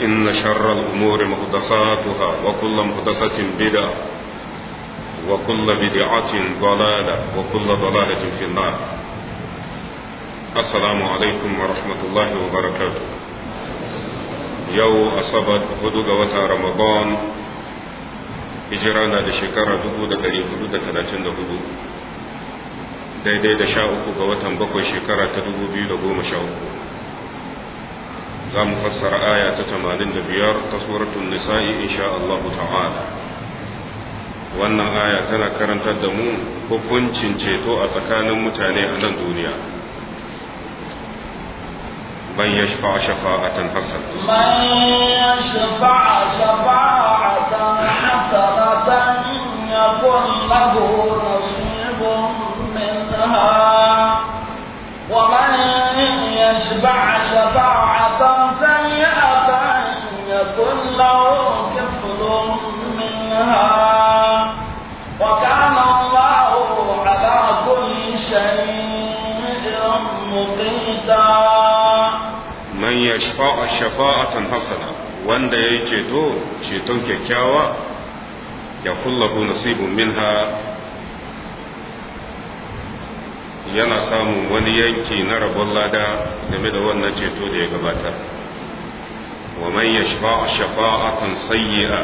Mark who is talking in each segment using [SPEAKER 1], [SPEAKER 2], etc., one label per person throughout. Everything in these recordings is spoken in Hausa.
[SPEAKER 1] إن شر الأمور مهدساتها وكل مهدسة بدعة وكل بدعة ضلالة وكل ضلالة في النار السلام عليكم ورحمة الله وبركاته يو أصبت هدوغ وتا رمضان هجرانا لشكرة دهودة لهدودة ثلاثين دهودو daidai da sha uku ga watan bakwai shekara ta dubu biyu da za mu fassara aya ta biyar, ta suratul nisa'i insha Allah ta'ala wannan aya tana karantar da mu hukuncin ceto a tsakanin mutane a nan duniya من يشفع شفاعة حسنة
[SPEAKER 2] من يشفع شفاعة حسنة يكون له
[SPEAKER 1] shafa'atan hasana wanda ya ceto ceton kyakkyawa ya kullahu nasibun minha yana samun wani yanki na rabon lada game da wannan ceto da ya gabata wa man yashfa'a shafa'atan sayyi'a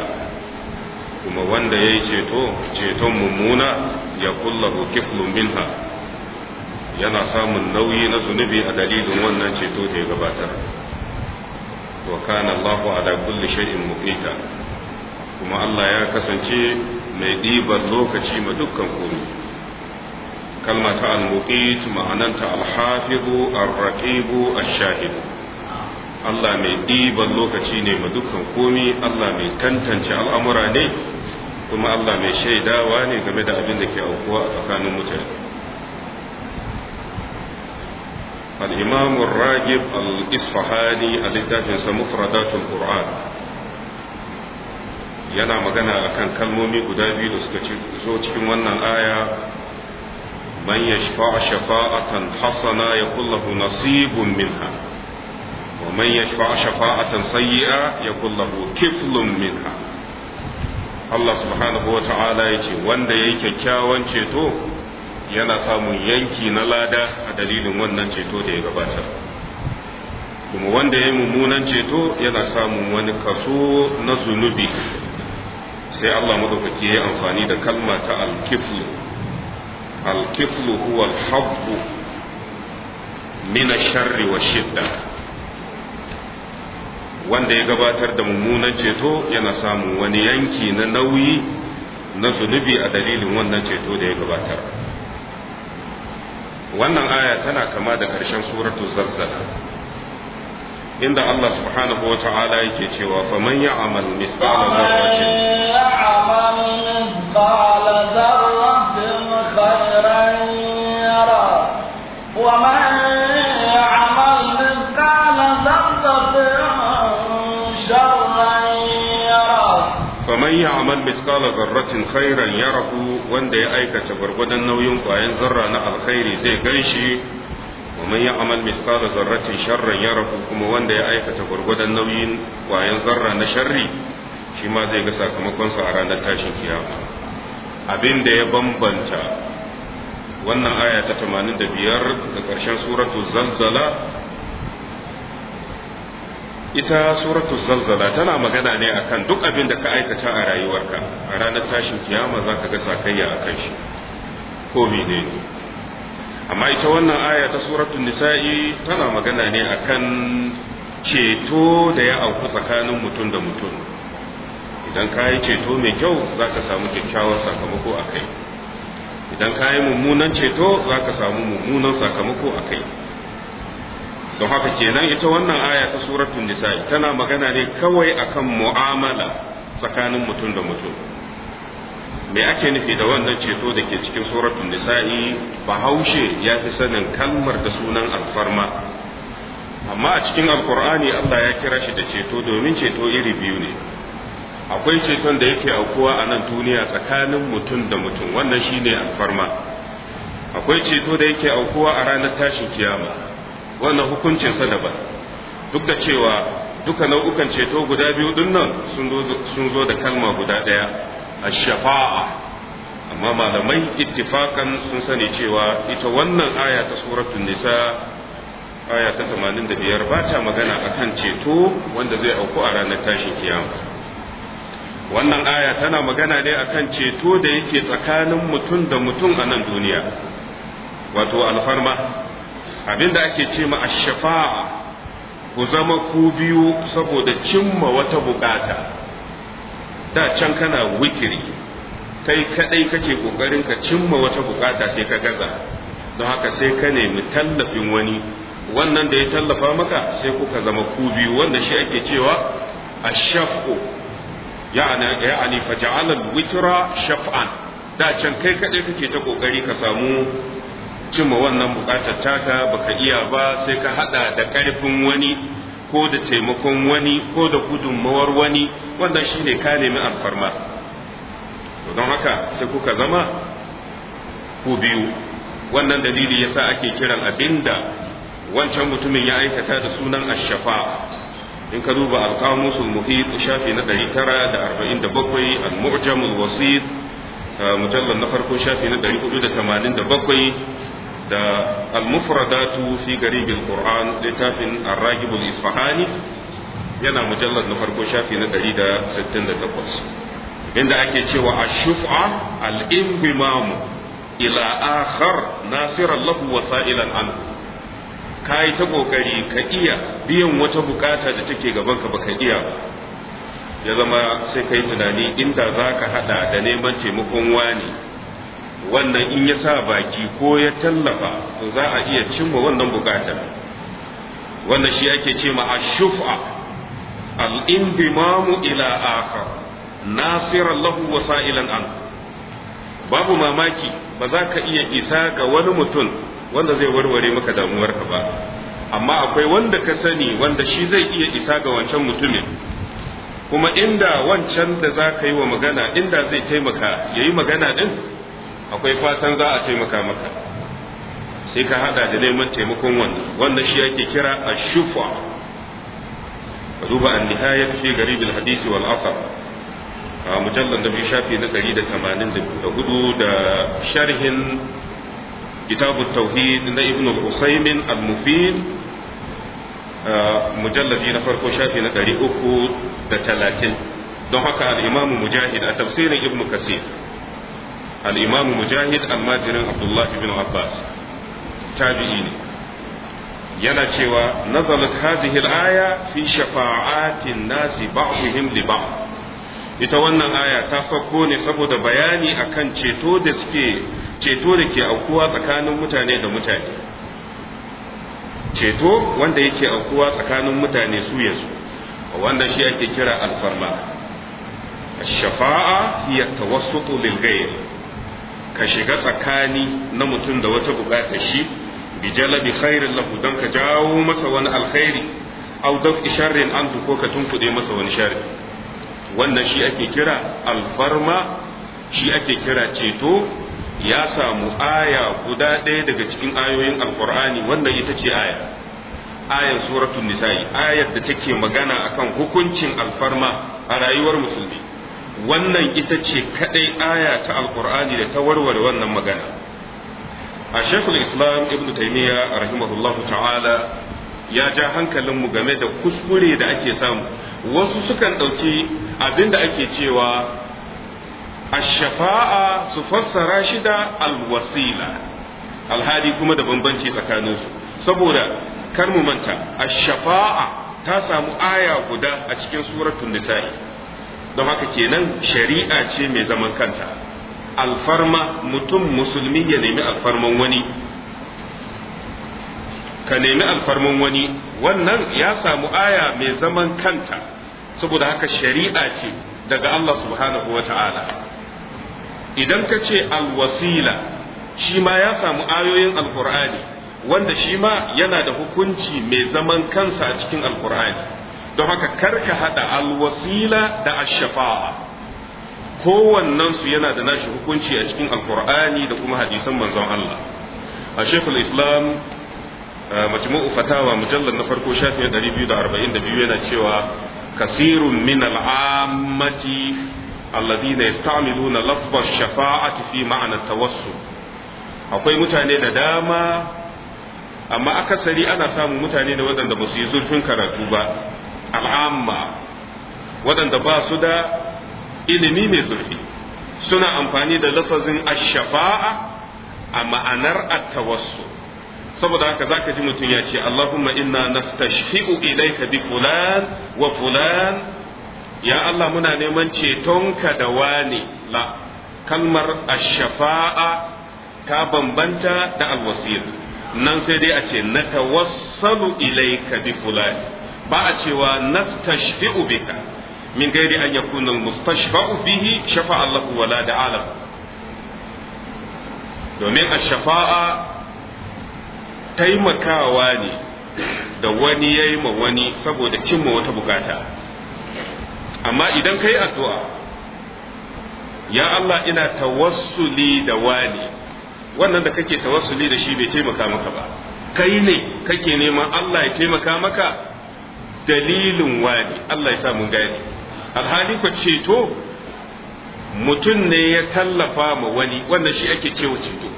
[SPEAKER 1] kuma wanda yi ceto ceton mummuna ya kullahu kiflun minha yana samun nauyi na zunubi a dalilin wannan ceto da ya gabata wa kana Allahu ala kulli shay'in muqita kuma Allah ya kasance mai ɗibar lokaci ma dukkan komai kalma ta al-muqit ma'ananta al-hafizu ar-raqibu ash-shahid Allah mai ɗiban lokaci ne ma dukkan komai Allah mai tantance al'amura ne kuma Allah mai shaidawa ne game da abin da ke aukuwa a tsakanin mutane al-ragim الإمام الراجب الإصفهاني الذي مفردات القرآن yana magana akan kalmomi guda biyu da suka zo cikin wannan aya man yashfa'a shafa'atan hasana yakul lahu nasibun minha wa man yashfa'a shafa'atan sayyi'a yakul lahu kiflun minha Allah subhanahu wa ta'ala yace wanda yayi kyakkyawan ceto yana samun yanki na lada a dalilin wannan ceto da ya gabatar kuma wanda ya yi mummunan ceto yana samun wani kaso na zunubi sai Allah madaukaki ya yi amfani da kalma ta alkiflu alkiflu huwa alhabbu min sharri wa shidda wanda ya gabatar da mummunan ceto yana samun wani yanki na nauyi na zunubi a dalilin wannan ceto da ya gabatar wannan aya tana kama da ƙarshen suratu zalzala inda Allah subhanahu wa ta'ala yake cewa faman ya'mal misqala dharratin
[SPEAKER 2] ya'mal
[SPEAKER 1] ya'mal mithqala dharratin khairan yarahu wanda ya aikata gwargwadon nauyin kwayan zarra na alkhairi zai ganshi wa man ya'mal mithqala dharratin sharran yarahu kuma wanda ya aikata gwargwadon nauyin kwayan zarra na sharri shi ma zai ga sakamakonsa a ranar tashin kiyama abin da ya bambanta wannan aya ta 85 da ƙarshen suratul zalzala ita suratu zalzala tana magana ne akan duk abin da ka aikata a rayuwarka a ranar tashin kiyama za ka ga sakayya a kan shi ko ne amma ita wannan aya ta suratu nisa'i tana magana ne akan ceto da ya auku tsakanin mutum da mutum idan ka yi ceto mai kyau za ka samu kyakkyawar sakamako a kai idan ka yi mummunan ceto za ka samu mummunan sakamako a kai da haka kenan ita wannan aya ta suratul nisa'i tana magana ne kawai akan mu'amala tsakanin mutum da mutum me ake nufi da wannan ceto da ke cikin suratul nisa'i bahaushe ya fi sanin kalmar da sunan alfarma amma a cikin alkur'ani allah ya kira shi da ceto domin ceto iri biyu ne akwai ceton da yake aukuwa a nan duniya tsakanin mutum da mutum wannan shine alfarma akwai ceto da yake aukuwa a ranar tashin kiyama wannan hukuncin sa daban duk da cewa duka nau'ukan ceto guda biyu din nan sun zo da kalma guda ɗaya ash-shafa'a amma malamai ittifakan sun sani cewa ita wannan aya ta suratul nisa aya ta 85 ba ta magana akan ceto wanda zai auku a ranar tashin kiyama wannan aya tana magana ne akan ceto da yake tsakanin mutum da mutum a nan duniya wato alfarma Abin da ake ce ma ash-shafa'a ku zama ku biyu saboda cimma wata bukata da can kana wikiri kai kadai kake kokarin ka cimma wata bukata sai ka gaza don haka sai ka nemi tallafin wani wannan da ya tallafa maka sai kuka zama ku biyu wanda shi ake cewa a shafu ya'ani ya'ani al-witra shaf'an da can kai kadai kake ta kokari ka samu cimma wannan bukatar taka baka iya ba sai ka hada da karfin wani ko da taimakon wani ko da gudunmawar wani wannan shine ka nemi alfarma to don haka sai kuka zama ku biyu wannan dalili yasa ake kiran abinda wancan mutumin ya aikata da sunan ashafa in ka duba alqamusul muhit shafi na 947 al-mu'jamul wasit uh, mujallal na farko shafi na 487 da al-mufradatu fi garibin qur'an littafin ar-ragibul isfahani yana mujallar na farko shafi na 168 inda ake cewa ash-shuf'a al-imbimamu ila akhar nasiran lahu wa sa'ilan kai ta kokari ka iya biyan wata bukata da take gaban ka baka iya ya zama sai kai tunani inda zaka hada da neman taimakon wani wannan in ya sa baki ko ya tallafa to za a iya cimma wannan bukatar wannan shi ake ce ma ashufa al-indimamu ila akhar nasira lahu wa sa'ilan an babu mamaki ba za ka iya isa ga wani mutum wanda zai warware maka damuwarka ba amma akwai wanda ka sani wanda shi zai iya isa ga wancan mutumin kuma inda wancan da za ka yi wa magana inda zai taimaka ya yi magana din akwai fatan za a taimaka maka sai ka hada da neman taimakon wannan wannan shi ake kira a ashufa duba an-nihaya fi garib al-hadith wal asar a mujallar da shafi na 184 da tamanin da da sharhin kitab at-tauhid na ibn al-usaymin al-mufid mujalladi na farko shafi na uku da talatin don haka al-imam mujahid a tafsirin ibn kasir الإمام مجاهد mujahid almajirin abdullahi bin abbas تابعين ne yana cewa هذه الآية في شفاعات fi shafa'atin لبعض ita wannan aya ta sauko ne saboda bayani akan ceto da suke ceto da ke aukuwa tsakanin mutane da mutane ceto wanda yake aukuwa tsakanin mutane su yanzu wannan shi ake kira alfarma shafa'a الشفاعة tawassutu lil ghayr ka shiga tsakani na mutum da wata buƙatar shi bi jalabi khairin lahu don ka jawo masa wani alkhairi a daf sharrin an ko ka tunkuɗe masa wani sharri wannan shi ake kira alfarma shi ake kira ceto ya samu aya guda ɗaya daga cikin ayoyin alkur'ani wannan ita ce aya ayar suratul nisa'i ayar da take magana akan hukuncin alfarma a rayuwar musulmi wannan ita ce kaɗai aya ta alkur'ani da ta warware wannan magana a shekul islam ibn taimiyya rahimahullahu ta'ala ya ja hankalinmu game da kuskure da ake samu wasu sukan ɗauki abinda ake cewa a shafa'a su fassara shi da alwasila alhali kuma da bambanci tsakaninsu saboda kar mu manta a shafa'a ta samu aya guda a cikin suratun nisa'i don haka kenan shari'a ce mai zaman kanta alfarma mutum musulmi ya nemi alfarman wani ka nemi alfarman wani wannan ya samu aya mai zaman kanta saboda haka shari'a ce daga Allah subhanahu wa ta'ala idan ka ce alwasila shi ma ya samu ayoyin alkur'ani wanda shi ma yana da hukunci mai zaman kansa a cikin alkur'ani don haka karka hada alwasila da ashafa'a kowannen su yana da nashi hukunci a cikin alkur'ani da kuma hadisan manzon Allah a shekul islam majmu'u fatawa mujallar na farko shafin 242 yana cewa kasirun min al'ammati alladhina yastamiluna lafza shafa'ati fi ma'ana tawassul akwai mutane da dama amma akasari ana samun mutane da waɗanda ba su yi zurfin karatu ba al'amma waɗanda ba su da ilimi mai zurfi suna amfani da lafazin ash-shafa'a a ma'anar at saboda haka zaka ji mutum ya ce Allahumma inna nastashfi'u ilayka bi fulan wa fulan ya Allah muna neman cetonka da wani la kalmar ash-shafa'a ta bambanta da al-wasil nan sai dai a ce natawassalu ilayka bi fulan ba a cewa nastashfi'u bika min gairi an yakuna almustashfa'u bihi shafa'a wa wala da'ala domin ash-shafa'a taimakawa ne da wani yayi ma wani saboda cimma wata bukata amma idan kai addu'a ya Allah ina tawassuli da wani wannan da kake tawassuli da shi bai taimaka maka ba kai ne kake neman Allah ya taimaka maka dalilin wani Allah ya sa mun gane alhali ko ceto mutum ne ya tallafa ma wani wannan shi ake cewa ceto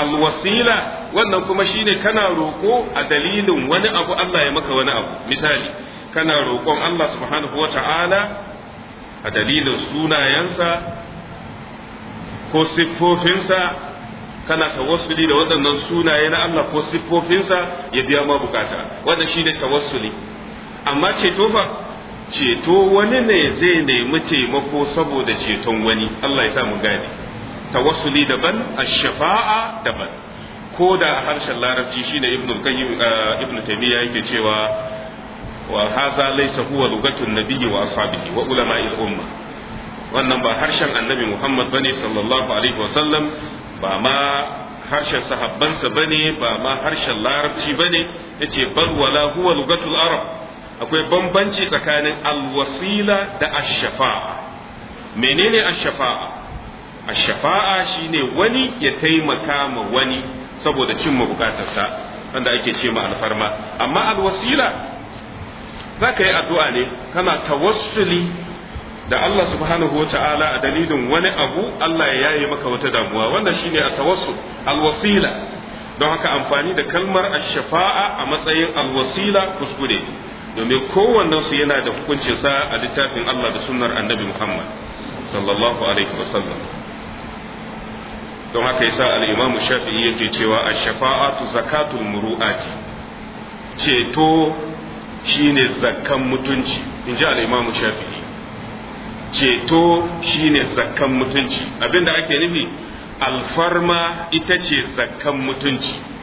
[SPEAKER 1] alwasila wannan kuma shine kana roƙo a dalilin wani abu Allah ya maka wani abu misali kana roƙon Allah subhanahu wata'ala a dalilin sunayensa ko siffofinsa kana tawassuli da waɗannan sunaye na Allah ko siffofinsa ya biya ma bukata wannan shine tawassuli amma ceto fa ceto wani ne zai nemi taimako saboda ceton wani Allah ya sa mu gane tawassuli daban ash-shafa'a daban ko da a harshen larabci shine ibnu qayyim uh, ibnu taymiya yake cewa wa hadha laysa huwa lugatun nabiyyi wa ashabihi wa ulama'il umma wannan ba harshen annabi Muhammad bane sallallahu alaihi wa sallam ba ma harshen sahabbansa bane ba ma harshen larabci bane yace bal wala huwa lugatul arab akwai bambanci tsakanin alwasila da ashafa'a menene ashafa'a ashafa'a shine wani ya taimaka ma wani saboda cimma bukatarsa wanda ake ce ma alfarma amma alwasila za ka yi addu'a ne kana tawassuli da Allah subhanahu wa ta'ala a dalilin wani abu Allah ya yaye maka wata damuwa wannan shine a tawassul alwasila don haka amfani da kalmar ashafa'a a matsayin alwasila kuskure domin kowannen su yana da hukuncin sa a littafin Allah da sunnar annabi Muhammad sallallahu alaihi wa sallam. don haka yasa al-Imam Shafi'i yake cewa ash-shafa'atu zakatul muru'ati ceto shine zakkan mutunci In ji al-Imam Shafi'i ceto shine zakkan mutunci abinda ake nufi alfarma ita ce zakkan mutunci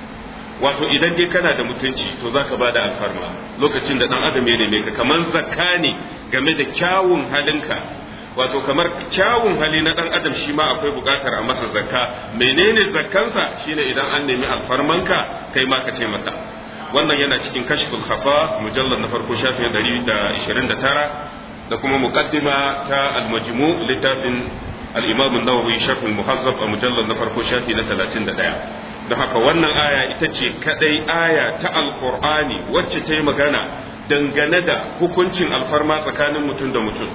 [SPEAKER 1] wato idan dai kana da mutunci to za ka bada alfarma lokacin da dan adam ya neme ka kamar zakka ne game da kyawun halinka wato kamar kyawun hali na dan adam shi ma akwai bukatar a masa zakka menene zakkansa shine idan an nemi alfarmanka kai ma ka taimaka wannan yana cikin kashful khafa mujallad na farko shafin 129 da kuma muqaddima ta al-majmu' littafin al-imam an-nawawi sharh al-muhazzab a mujallad na farko shafi na 31 da haka wannan aya ita ce kadai aya ta alkur'ani wacce ta yi magana dangane da hukuncin alfarma tsakanin mutum da mutum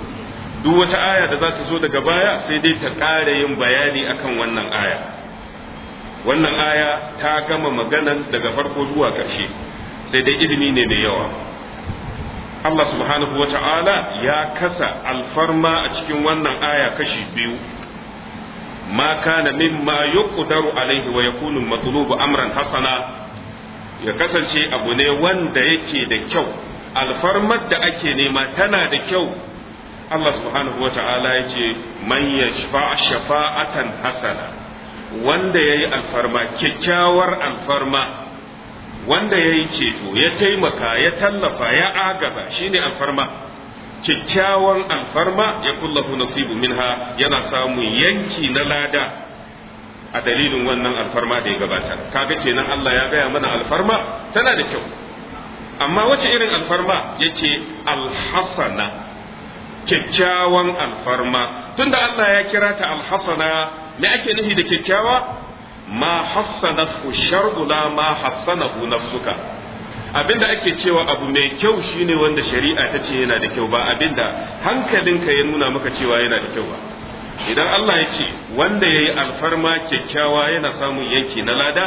[SPEAKER 1] duk wata aya da za ta zo daga baya sai dai ta ƙara yin bayani akan wannan aya wannan aya ta gama maganan daga farko zuwa ƙarshe sai dai ilimi ne da yawa Allah subhanahu wa ta'ala ya kasa alfarma a cikin wannan aya kashi biyu ما كان مما يقدر عليه ويكون المطلوب امرا حسنا ya kasance abu ne wanda yake da kyau alfarmar da ake nema tana da kyau Allah subhanahu wa ta'ala ya ce man shafa'atan hasana wanda yayi alfarma kyakkyawar alfarma wanda yayi ceto ya taimaka ya tallafa ya agaba shine alfarma kyakkyawan alfarma ya kullahu nasibu minha yana samun yanki na lada a dalilin wannan alfarma da ya gabata kaga kenan Allah ya gaya mana alfarma tana da kyau amma wace irin alfarma yake alhasana kyakkyawan alfarma tunda Allah ya kira ta alhasana me ake nufi da kyakkyawa ma Hassana shar'u la ma hassanahu nafsuka abinda ake cewa abu mai kyau shine wanda shari'a ta ce yana da kyau ba abinda hankalinka ya nuna maka cewa yana da kyau ba idan Allah ya ce wanda ya yi alfarma kyakkyawa yana samun yanki na lada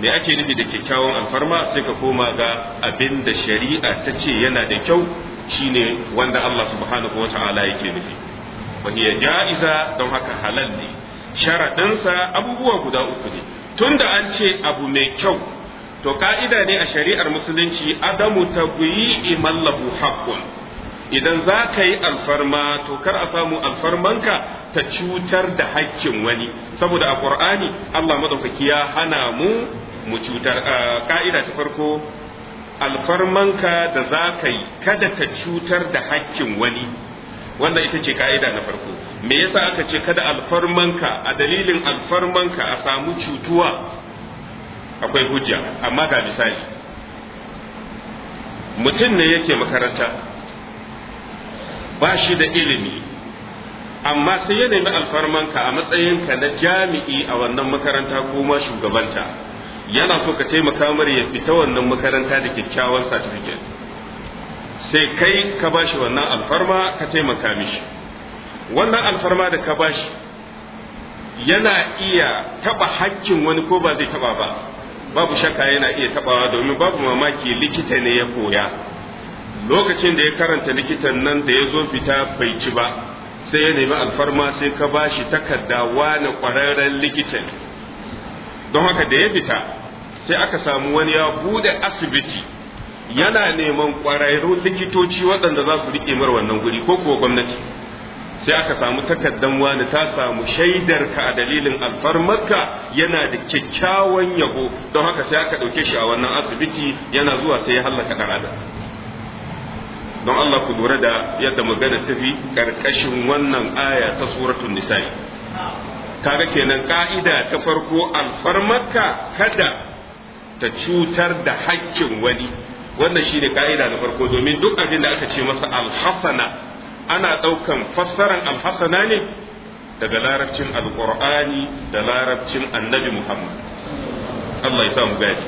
[SPEAKER 1] me ake nufi da kyakkyawan alfarma sai ka koma ga abinda shari'a ta ce yana da kyau shine wanda Allah subhanahu wata'ala yake nufi wani ya ja'iza don haka halal ne sharaɗinsa abubuwa guda uku ne tunda an ce abu mai kyau to ka'ida ne a shari'ar musulunci adamu ta guyi lahu haqqun idan za ka yi alfarma to kar a samu alfarmanka ta cutar da haƙƙin wani saboda a ƙur'ani Allah madaukaki ya hana mu mu cutar ka'ida ta farko alfarmanka da za ka yi kada ta cutar da haƙƙin wani wannan ita ce ka'ida na farko me yasa aka ce kada alfarmanka a dalilin alfarmanka a samu cutuwa akwai hujja amma ga misali mutum ne yake makaranta ba shi da ilimi amma sai ya nemi alfarmanka a matsayinka na jami'i a wannan makaranta ko ma shugabanta yana so ka taimaka mar ya fita wannan makaranta da kyakkyawan certificate sai kai ka ba shi wannan alfarma ka taimaka mishi wannan alfarma da ka ba shi yana iya taba hakkin wani ko ba zai taba ba babu shakka yana iya tabawa domin babu mamaki likita ne ya koya lokacin da ya karanta likitan nan da ya zo fita bai ci ba sai ya nemi alfarma sai ka ba shi takarda wani kwararren likitan don haka da ya fita sai aka samu wani ya bude asibiti yana neman kwararru likitoci waɗanda za su rike mar wannan guri ko kuwa gwamnati sai aka samu takaddan wani ta samu shaidar ka a dalilin alfarmarka yana da kyakkyawan yabo don haka sai aka ɗauke shi a wannan asibiti yana zuwa sai ya hallaka ɗan adam don Allah ku lura da yadda magana tafi ƙarƙashin wannan aya ta suratun nisa'i kaga kenan ka'ida ta farko alfarmarka kada ta cutar da haƙƙin wani wannan shine ka'ida na farko domin duk abin da aka ce masa alhasana ana ɗaukan fassaran alhassana ne daga larabcin alƙur'ani da larabcin annabi muhammad Allah ya samu gadi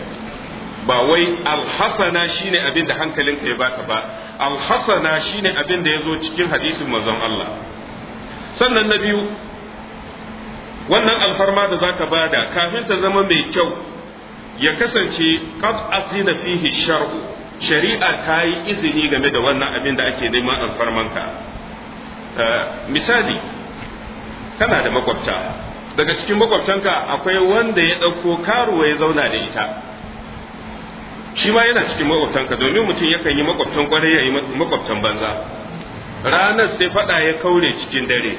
[SPEAKER 1] ba wai alhassana shine abin da hankalinka ya baka ba alhassana shine abin da ya zo cikin hadisin mazan Allah sannan na biyu wannan alfarma da zaka bada kafin ta zama mai kyau ya kasance qad asina fihi shar'u shari'a ta yi izini game da wannan abin da ake neman alfarmanka eh, misali kana da makwabta daga cikin makwabtanka akwai wanda ya ɗauko karuwa ya zauna da ita shi ma yana cikin makwabtanka domin mutum yakan yi makwabtan kwarai ya yi makwabtan banza ranar sai faɗa ya kaure cikin dare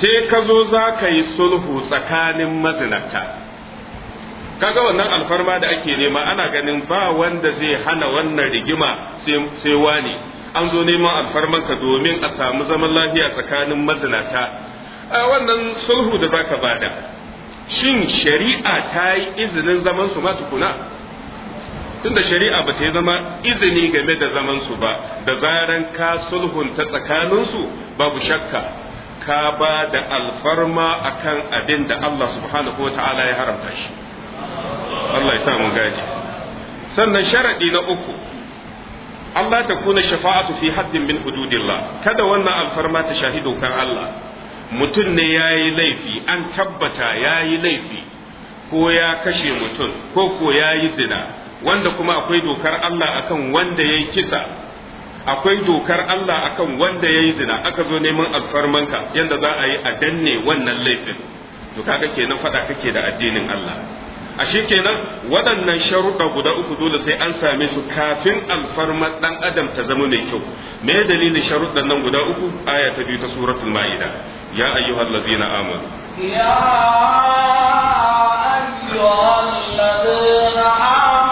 [SPEAKER 1] sai ka zo za ka yi sulhu tsakanin mazinata kaga wannan alfarma da ake nema ana ganin ba wanda zai hana wannan rigima sai wani an zo neman ka domin a samu zaman lafiya tsakanin mazinata a wannan sulhu da zaka bada shin shari'a ta yi izinin zaman su ma tukuna tunda shari'a ba ta yi zama izini game da zaman su ba da zaran ka sulhunta tsakaninsu babu shakka ka ba da alfarma akan abin da Allah subhanahu wa ta'ala ya haramta shi Allah ya sa mun gane sannan sharadi na uku Allah ta kuna shafa'atu fi haddin min hududillah kada wannan alfarma ta shafi dokar Allah mutum ne ya yi laifi an tabbata ya yi laifi ko ya kashe mutum ko ko ya yi zina wanda kuma akwai dokar Allah akan wanda ya yi kisa akwai dokar Allah akan wanda ya yi zina aka zo neman alfarmanka yadda za a yi a danne wannan laifin to kaga kenan faɗa kake da addinin Allah a shi kenan waɗannan sharuɗa guda uku dole sai an same su kafin alfarmar ɗan adam ta zama mai kyau me dalilin sharuɗan nan guda uku aya ta biyu ta suratul ma'ida ya ayyuhal ladzina amanu
[SPEAKER 2] ya ayyuhal ladzina amanu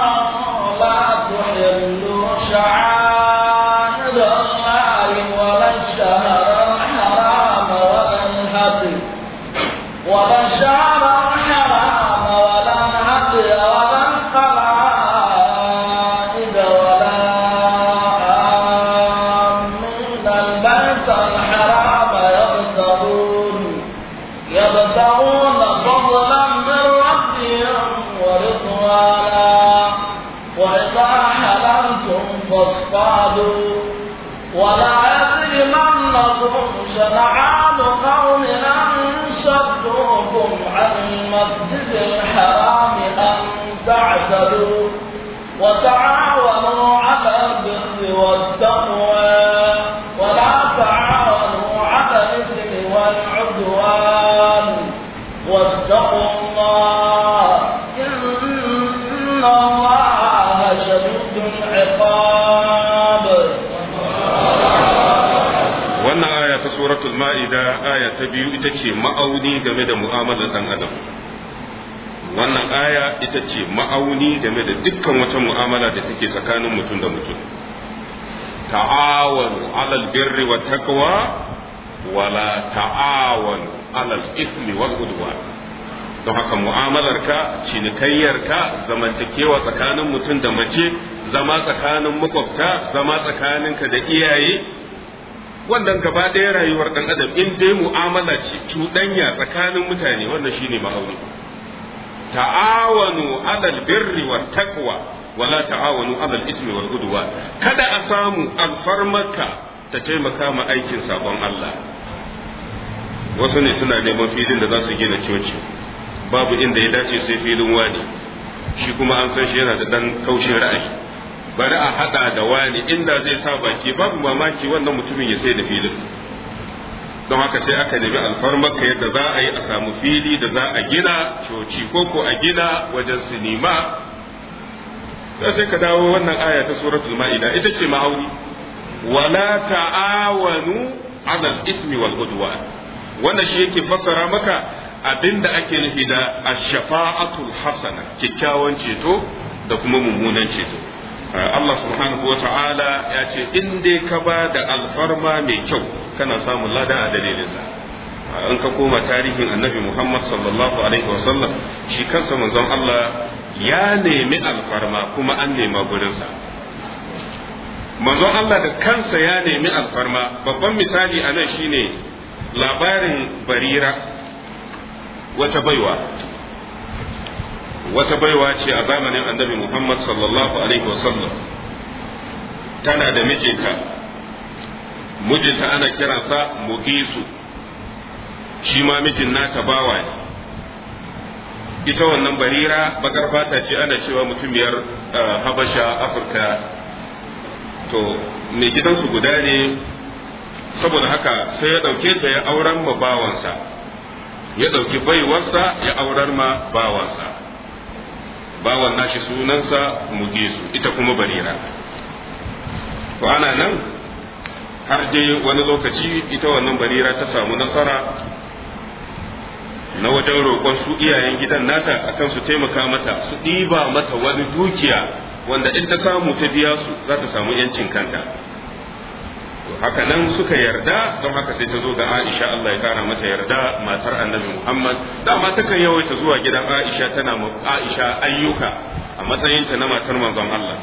[SPEAKER 1] aya ta biyu ita ce ma'auni game da mu'amalar ɗan adam wannan aya ita ce ma'auni game da dukkan wata mu'amala da take tsakanin mutum da mutum ta'awan alal birri wa taqwa wala ta'awan alal ismi wal udwan don haka mu'amalarka cinikayyarka zamantakewa tsakanin mutum da mace zama tsakanin makwabta zama tsakaninka da iyaye wannan gaba ɗaya rayuwar ɗan adam in dai mu'amala ce cuɗanya tsakanin mutane wannan shine ma'auni ta'awanu alal birri wat taqwa wala ta'awanu alal ismi wal udwa kada a samu alfarmaka ta taimaka ma aikin sabon Allah wasu ne suna neman filin da za su gina coci babu inda ya dace sai filin wani shi kuma an san shi yana da dan kaushin ra'ayi bari a hada da wani inda zai sa baki babu mamaki wannan mutumin ya sai da filin don haka sai aka nemi alfarmaka yadda za a yi a samu fili da za a gina coci koko a gina wajen sinima sai ka dawo wannan aya ta suratul ma'ida ita ce ma'auni wala ta'awanu 'ala al-ithmi wal udwan wannan shi yake fassara maka abinda ake nufi da ash-shafa'atul hasana kikkiawan ceto da kuma mummunan ceto Allah subhanahu wa ta'ala ya ce in dai ka ba da alfarma mai kyau kana samun lada a dalilinsa in ka koma tarihin annabi Muhammad sallallahu alaihi wasallam shi kansa manzon Allah ya nemi alfarma kuma an nema gurinsa manzon Allah da kansa ya nemi alfarma babban misali anan shine labarin barira wata baiwa wata baiwa ce a zamanin annabi Muhammad sallallahu alaihi wasallam tana da mijinta mijinta ana kiransa mugisu shi ma mijin nata bawa ne ita wannan barira bakar fata ce ana cewa mutumiyar eh, habasha afirka to mai gidansu guda ne saboda haka sai ya ɗauke ta ya auren ma bawansa ya ɗauki baiwarsa ya auren ma bawansa bawan nashi sunansa su ita kuma barira to ana nan har dai wani lokaci ita wannan barira ta samu nasara na wajen roƙon su iyayen gidan nata akan su taimaka mata su ɗiba mata wani dukiya wanda in ta samu ta biya su za ta samu 'yancin kanta haka nan suka yarda don haka sai ta zo ga Aisha Allah ya kara mata yarda matar Annabi Muhammad dama takan yawaita zuwa gidan Aisha tana Aisha ayyuka a matsayinta na matar manzon Allah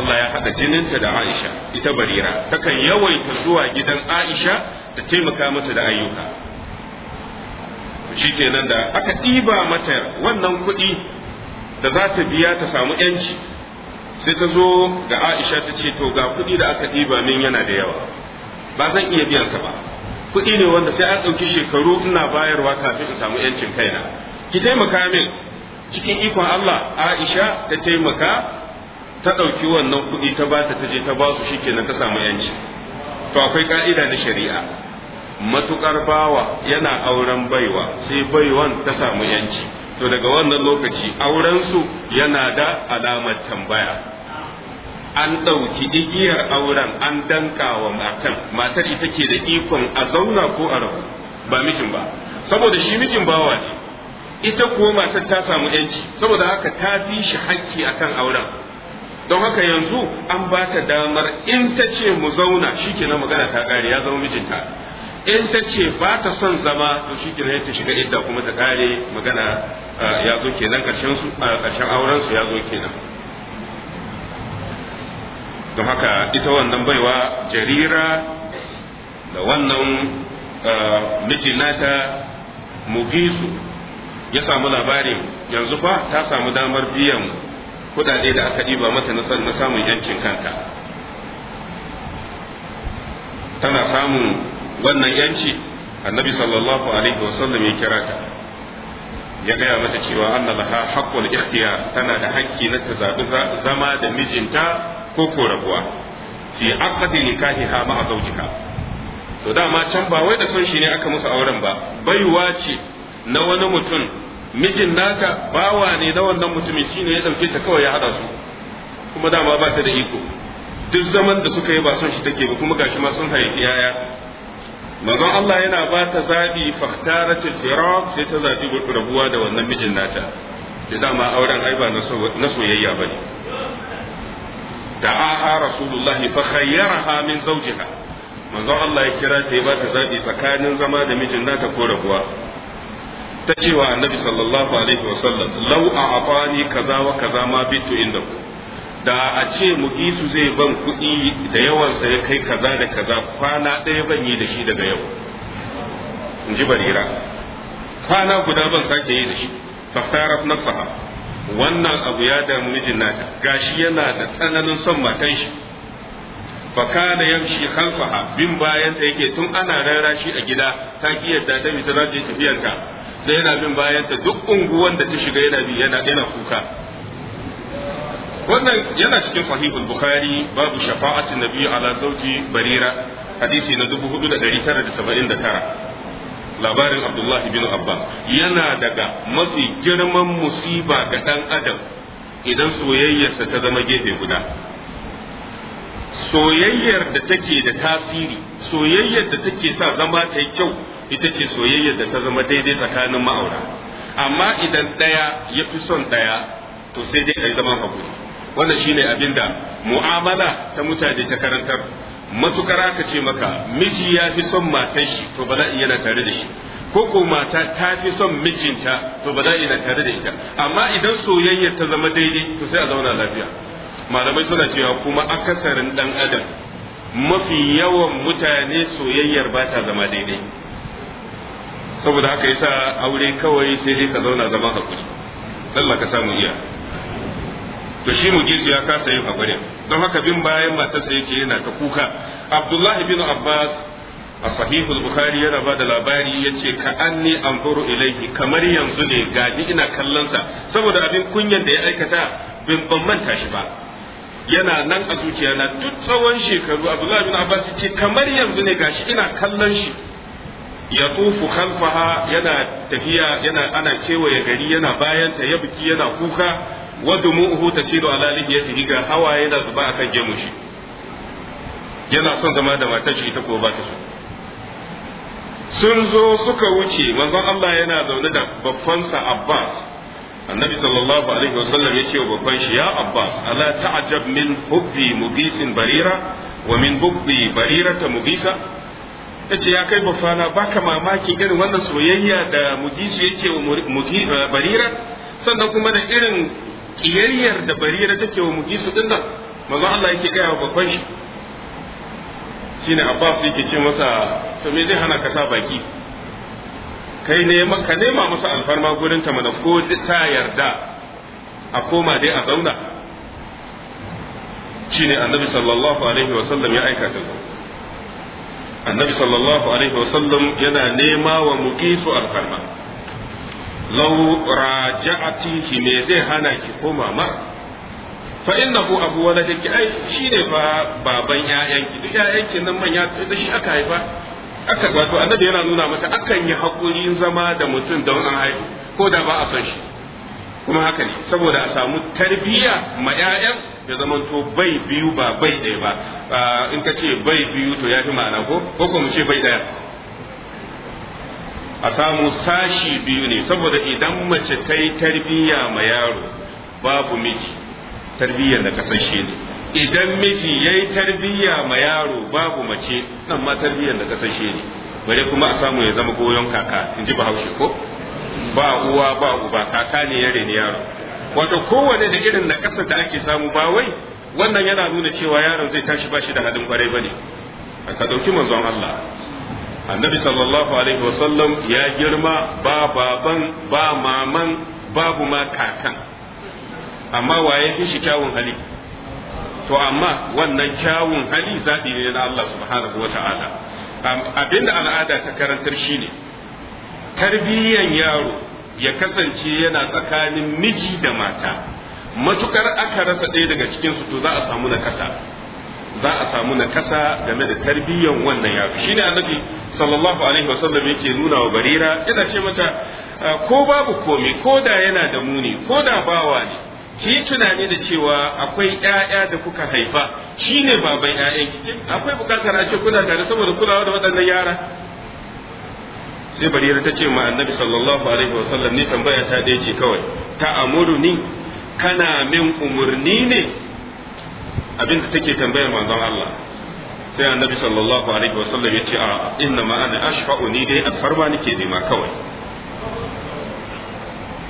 [SPEAKER 1] Allah ya haɗa jininta da Aisha ita barira takan yawaita zuwa gidan Aisha ta taimaka mata da ayyuka shi kenan da aka ɗiba mata wannan kuɗi da za ta biya ta samu 'yanci sai ta zo ga aisha ta ce to ga kuɗi da aka ɗiba min yana da yawa ba zan iya biyan sa ba kuɗi ne wanda sai an ɗauki shekaru ina bayarwa kafin in samu yancin kaina ki taimaka min cikin ikon Allah Aisha ta taimaka ta ɗauki wannan kuɗi ta ba ta je ta ba su shikenan ta samu yanci to akwai ka'ida na shari'a matukar bawa yana auren baiwa sai baiwan ta samu yanci to daga wannan lokaci aurensu yana da alamar tambaya an ɗauki igiyar auren an danka wa matan matar ita ke da ikon a zauna ko a rabu ba mijin ba saboda shi mijin bawa ne ita kuwa matar ta samu yanci saboda haka ta fi shi hakki akan auren don haka yanzu an ba ta damar in ta ce mu zauna shi ke na magana ta ƙare ya zama mijinta in ta ce ba ta son zama to shi kenan ta shiga idda kuma ta kare magana ya zo kenan karshen su karshen auren su ya zo kenan don haka ita wannan baiwa jarira da wannan miji nata mugisu ya samu labarin yanzu fa ta samu damar biyan kudade da aka ɗiba mata na samun yancin kanka tana samun wannan yanci annabi sallallahu alaihi sallam ya kira ta ya gaya mata cewa anna laha haqqul ikhtiyar tana da hakki na ta zabi zama da mijinta ko ko rabuwa fi aqdi nikahiha ma'a zawjiha to dama can ba wai da son shi ne aka musu auren ba baiwa ce na wani mutum mijin naka bawa ne na wannan mutumin shine ya dauke ta kawai ya hada su kuma dama ba ta da iko duk zaman da suka yi ba son shi take ba kuma gashi ma sun haifi yaya manzon Allah yana ba ta zabi fahtaratil firaq sai ta zabi rabuwa da wannan mijin nata da dama auren ai ba na soyayya ba bane da'aha rasulullahi fa khayyaraha min zawjiha manzon Allah ya kira ta ya ba ta zabi tsakanin zama da mijin nata ko rabuwa ta cewa annabi sallallahu alaihi wasallam law a'tani kaza wa kaza ma bitu indahu da a ce mugisu zai ban kuɗi da yawansa ya kai kaza da kaza kwana ɗaya ban yi da shi daga yau in ji barira kwana guda ban sake yi da shi na nasaha wannan abu ya da mijin nata gashi yana da tsananin son matan shi baka da yamshi khalfaha bin bayan ta yake tun ana rara shi a gida ta ki yadda ta bi ta tafiyar tafiyarta sai yana bin bayan ta duk unguwan da ta shiga yana bi yana yana kuka wannan yana cikin sahihul bukhari babu shafa'atin nabiyyi ala zawji barira hadisi na 4979 labarin abdullahi bin abba yana daga mafi girman musiba ga dan adam idan soyayyarsa ta zama gefe guda soyayyar da take da tasiri soyayyar da take sa zama ta kyau ita ce soyayyar da ta zama daidai tsakanin ma'aura amma idan ɗaya ya fi son ɗaya to sai dai ka zama zaman hakuri wannan shine abinda mu'amala ta mutane ta karantar matukar aka ce maka miji ya fi son matar shi to a yana tare da shi ko ko mata ta fi son mijinta to ba a yana tare da ita amma idan soyayyar ta zama daidai to sai a zauna lafiya malamai suna cewa kuma akasarin dan adam mafi yawan mutane soyayyar ba ta zama daidai saboda haka yasa aure kawai sai dai ka zauna zaman hakuri Allah ka samu iya to shi mugizu ya kasa yin haƙurin don haka bin bayan matarsa yake yana ta kuka abdullahi bin abbas a sahihul bukhari yana ba da labari ya ce ka an ne an ilaihi kamar yanzu ne gani ina kallonsa saboda abin kunyan da ya aikata bin ban manta shi ba yana nan a zuciya na duk tsawon shekaru abdullahi bin abbas ce kamar yanzu ne gashi ina kallon shi ya tufu khalfaha yana tafiya yana ana kewaye gari yana bayanta ya biki yana kuka wa dumu'uhu tashiru ala lihiyatihi ga hawaye da zuba akan gemu shi yana son zama da matar shi ta ko ba ta so sun zo suka wuce manzon Allah yana zaune da babban sa Abbas annabi sallallahu alaihi wasallam ya ce wa babban shi ya Abbas ala ta'jab min hubbi mugisin barira wa min hubbi barirata mugisa ta ce ya kai bafana baka mamakin irin wannan soyayya da mugisu yake wa barira sannan kuma da irin kiyayyar da barira take wa mugisu din nan manzo Allah yake gaya wa babban shi shine Abbas yake ce masa to me zai hana ka sa baki kai ne ka nema masa alfarma gurin ta mana ko ta yarda a koma dai a zauna shine annabi sallallahu alaihi wa sallam ya aika ta annabi sallallahu alaihi wa sallam yana nema wa mugisu alfarma lau raja'atihi me zai hana ki koma ma fa innahu abu waladiki ai shine fa baban ƴaƴanki duk ƴaƴanki nan manya da shi aka haifa aka wato annabi yana nuna mata akan yi hakuri zama da mutum don an haihu ko da ba a san shi kuma haka ne saboda a samu tarbiyya ma 'ya'yan ya zamanto bai biyu ba bai ɗaya ba ah, in ka ce bai biyu to ya fi ma'ana ko ko mu ce bai ɗaya a samu sashi biyu ne saboda idan mace ta yi tarbiyya ma yaro babu miji tarbiyyar da kasashe ne idan miji ya yi tarbiyya ma yaro babu mace nan ma tarbiyyar da kasashe ne bare kuma a samu ya zama goyon kaka in ji bahaushe ko ba uwa ba uba kaka ne ya reni yaro wato kowane da irin na kasa da ake samu ba wai wannan yana nuna cewa yaron zai tashi ba shi da hadin kwarai ba ne ka ɗauki manzon Allah annabi sallallahu alaihi wasallam ya girma ba baban ba maman babu ma kakan amma waye fi shi kyawun hali to amma wannan kyawun hali zaɓi ne na Allah subhanahu wa ta'ala abinda al'ada ta karantar shi ne. tarbiyyan yaro ya kasance yana tsakanin miji da mata matukar aka rasa ɗaya daga cikinsu to za a samu na za a samu na kasa game da tarbiyyan wannan yaro ne annabi sallallahu alaihi wasallam yake nuna wa barira yana ce mata ko babu komai ko da yana da muni ko da bawa ne ki tunani da cewa akwai ƴaƴa da kuka haifa shine baban ƴaƴan ki akwai bukatar a ce kuna tare saboda kulawa da waɗannan yara sai barira ta ce ma annabi sallallahu alaihi wasallam ni tambaya ta dai ce kawai ta amuru ni kana min umurni ne abinda take tambayar manzon Allah sai annabi sallallahu alaihi wasallam ya ce a inna ma ana ashfa'u ni dai alfarma nake nema kawai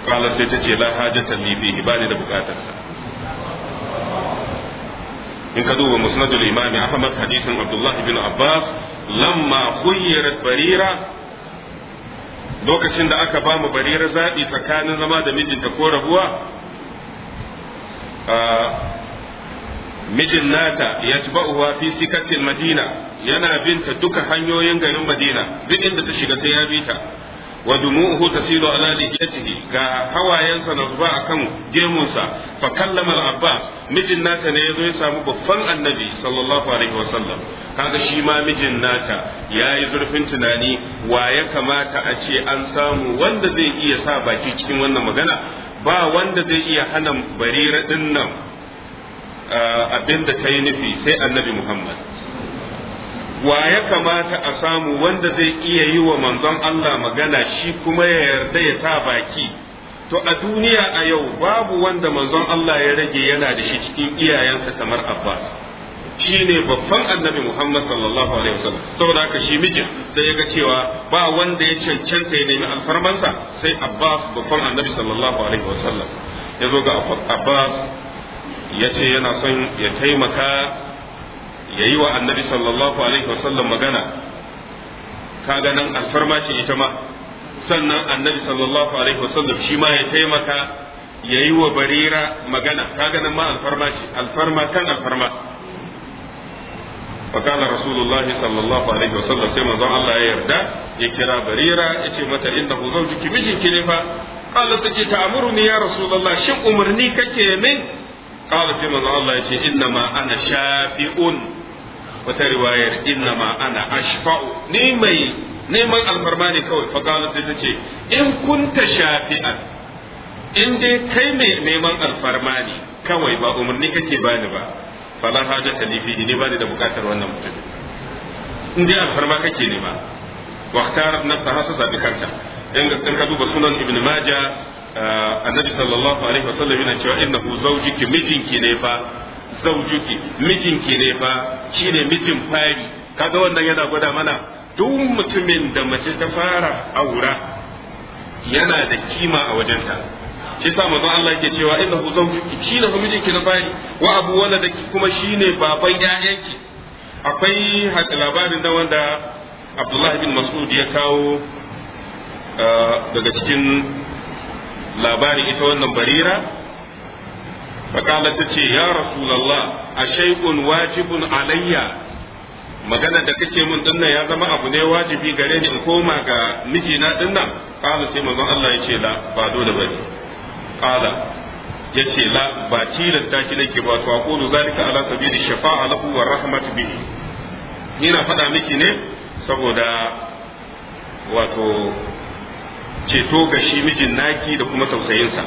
[SPEAKER 1] kala sai ta ce la hajata li fihi bani da bukatarsa in ka duba musnadul imami ahmad hadisin abdullah ibn abbas lamma khuyyarat barira lokacin da aka ba mu barira zaɓi tsakanin zama da mijinta ko rabuwa mijin nata ya tuba'uwa fi sikatil madina yana binta duka hanyoyin garin madina duk inda ta shiga sai ya bi ta wa dumu'uhu tasilu ala lihiyatihi ga hawayensa na zuba akan gemunsa fa kallama al-abbas mijin nata ne yazo ya samu babban annabi sallallahu alaihi kaga shi ma mijin nata yayi zurfin tunani wa ya kamata a ce an samu wanda zai iya sa baki cikin wannan magana ba wanda zai iya hana barira din nan abin da ta yi nufi sai annabi Muhammad. Wa ya kamata a samu wanda zai iya yi wa manzon Allah magana shi kuma ya yarda ya sa baki. To a duniya a yau babu wanda manzon Allah ya rage yana da shi cikin iyayensa kamar Abbas. Shi ne babban annabi Muhammad sallallahu Alaihi wasallam saboda haka shi mijin sai ya ga cewa ba wanda ya cancanta ya nemi alfarmansa sai Abbas babban annabi sallallahu Alaihi wasallam ya zo ga Abbas ya ce yana son ya taimaka ya yi wa annabi sallallahu alaihi wasallam magana ka ganin alfarma ce ita ma sannan annabi sallallahu alaihi wasallam shi ma ya taimaka ya yi wa barira magana ka ganin ma alfarma ce alfarma kan alfarma فقال رسول الله صلى الله عليه وسلم سيما زعم الله يردا يكرا بريرا يتي متى إنه زوجك مجن كلفا قال تجي تأمرني يا رسول الله شن أمرني كي من qala sai manzo Allah yace inna ma ana shafi'un wata riwayar inna ana ashfa'u ni mai neman alfarma kawai fa qala sai tace in kunta shafi'an in dai kai mai neman alfarma ne kawai ba umarni kake bani ba fala hajata li fihi ni bani da bukatar wannan in alfarma kake نفسها سبب كنتا إن كتبوا سنن ابن ماجه annabi sallallahu alaihi wasallam yana cewa innahu zawjuki mijinki ne fa zawjuki mijinki ne fa shine mijin fari kaga wannan yana gwada mana duk mutumin da mace ta fara aura yana da kima a wajenta shi sa manzon Allah yake cewa innahu zawjuki shine mijinki na fari wa abu waladaki kuma shine baban yayanki akwai labarin da wanda Abdullahi bin Mas'ud ya kawo daga cikin Labari ita wannan barira faƙala ta ce ya rasulallah a shaikun wajibun alayya magana da kake mun dinna ya zama abu ne wajibi gare ni in koma ga mijina dinna kala sai manzon Allah ya ce la ba dole bane kala ya ce la ba tilasta ki nake ba to aqulu zalika ala sabili shafa'a lahu wa rahmatu bihi ni na faɗa miki ne saboda wato ceto ga shi mijin naki da kuma tausayinsa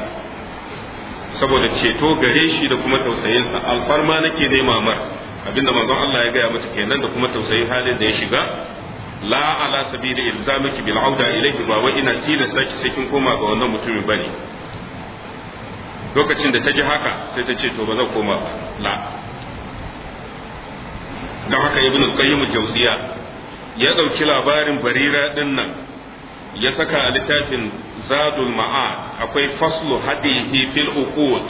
[SPEAKER 1] saboda ceto gare shi da kuma tausayinsa alfarma nake nema mamar abinda manzon Allah ya gaya mata kenan da kuma tausayin halin da ya shiga la ala sabili ilzamiki bil auda ilayhi ba wai ina tilasta saki sai kin koma ga wannan mutumin bane lokacin da ta ji haka sai ta ce to ba zan koma ba la don haka ibnu qayyim jawziya ya dauki labarin barira din nan ya saka a littafin zadul ma'ad akwai faslu hadihi fil uqud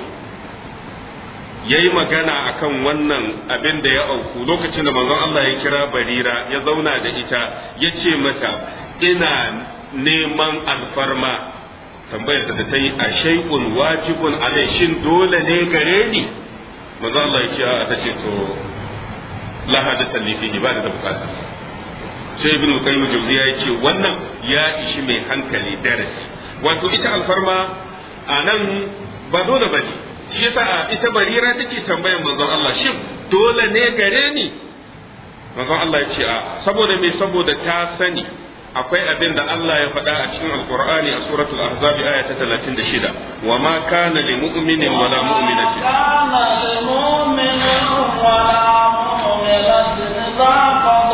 [SPEAKER 1] yayi magana akan wannan abin da ya auku lokacin da manzon Allah ya kira barira ya zauna da ita ya ce mata ina neman alfarma tambayarsa da ta yi a shaikun wajibun alai shin dole ne gare ni manzon Allah ya ce ta ce to lahadatan hadatha ba da bukatarsa sai ibn qayyim jawziya yace wannan ya ishi mai hankali darasi wato ita alfarma anan ba dole ba ne shi yasa ita barira take tambayan manzon Allah shin dole ne gare ni manzon Allah ya ce a saboda me saboda ta sani akwai abin da Allah ya faɗa a cikin Alƙur'ani a suratul ahzab aya ta 36 wa ma kana lil mu'minin wala mu'minatin
[SPEAKER 2] kana lil mu'minin wala mu'minatin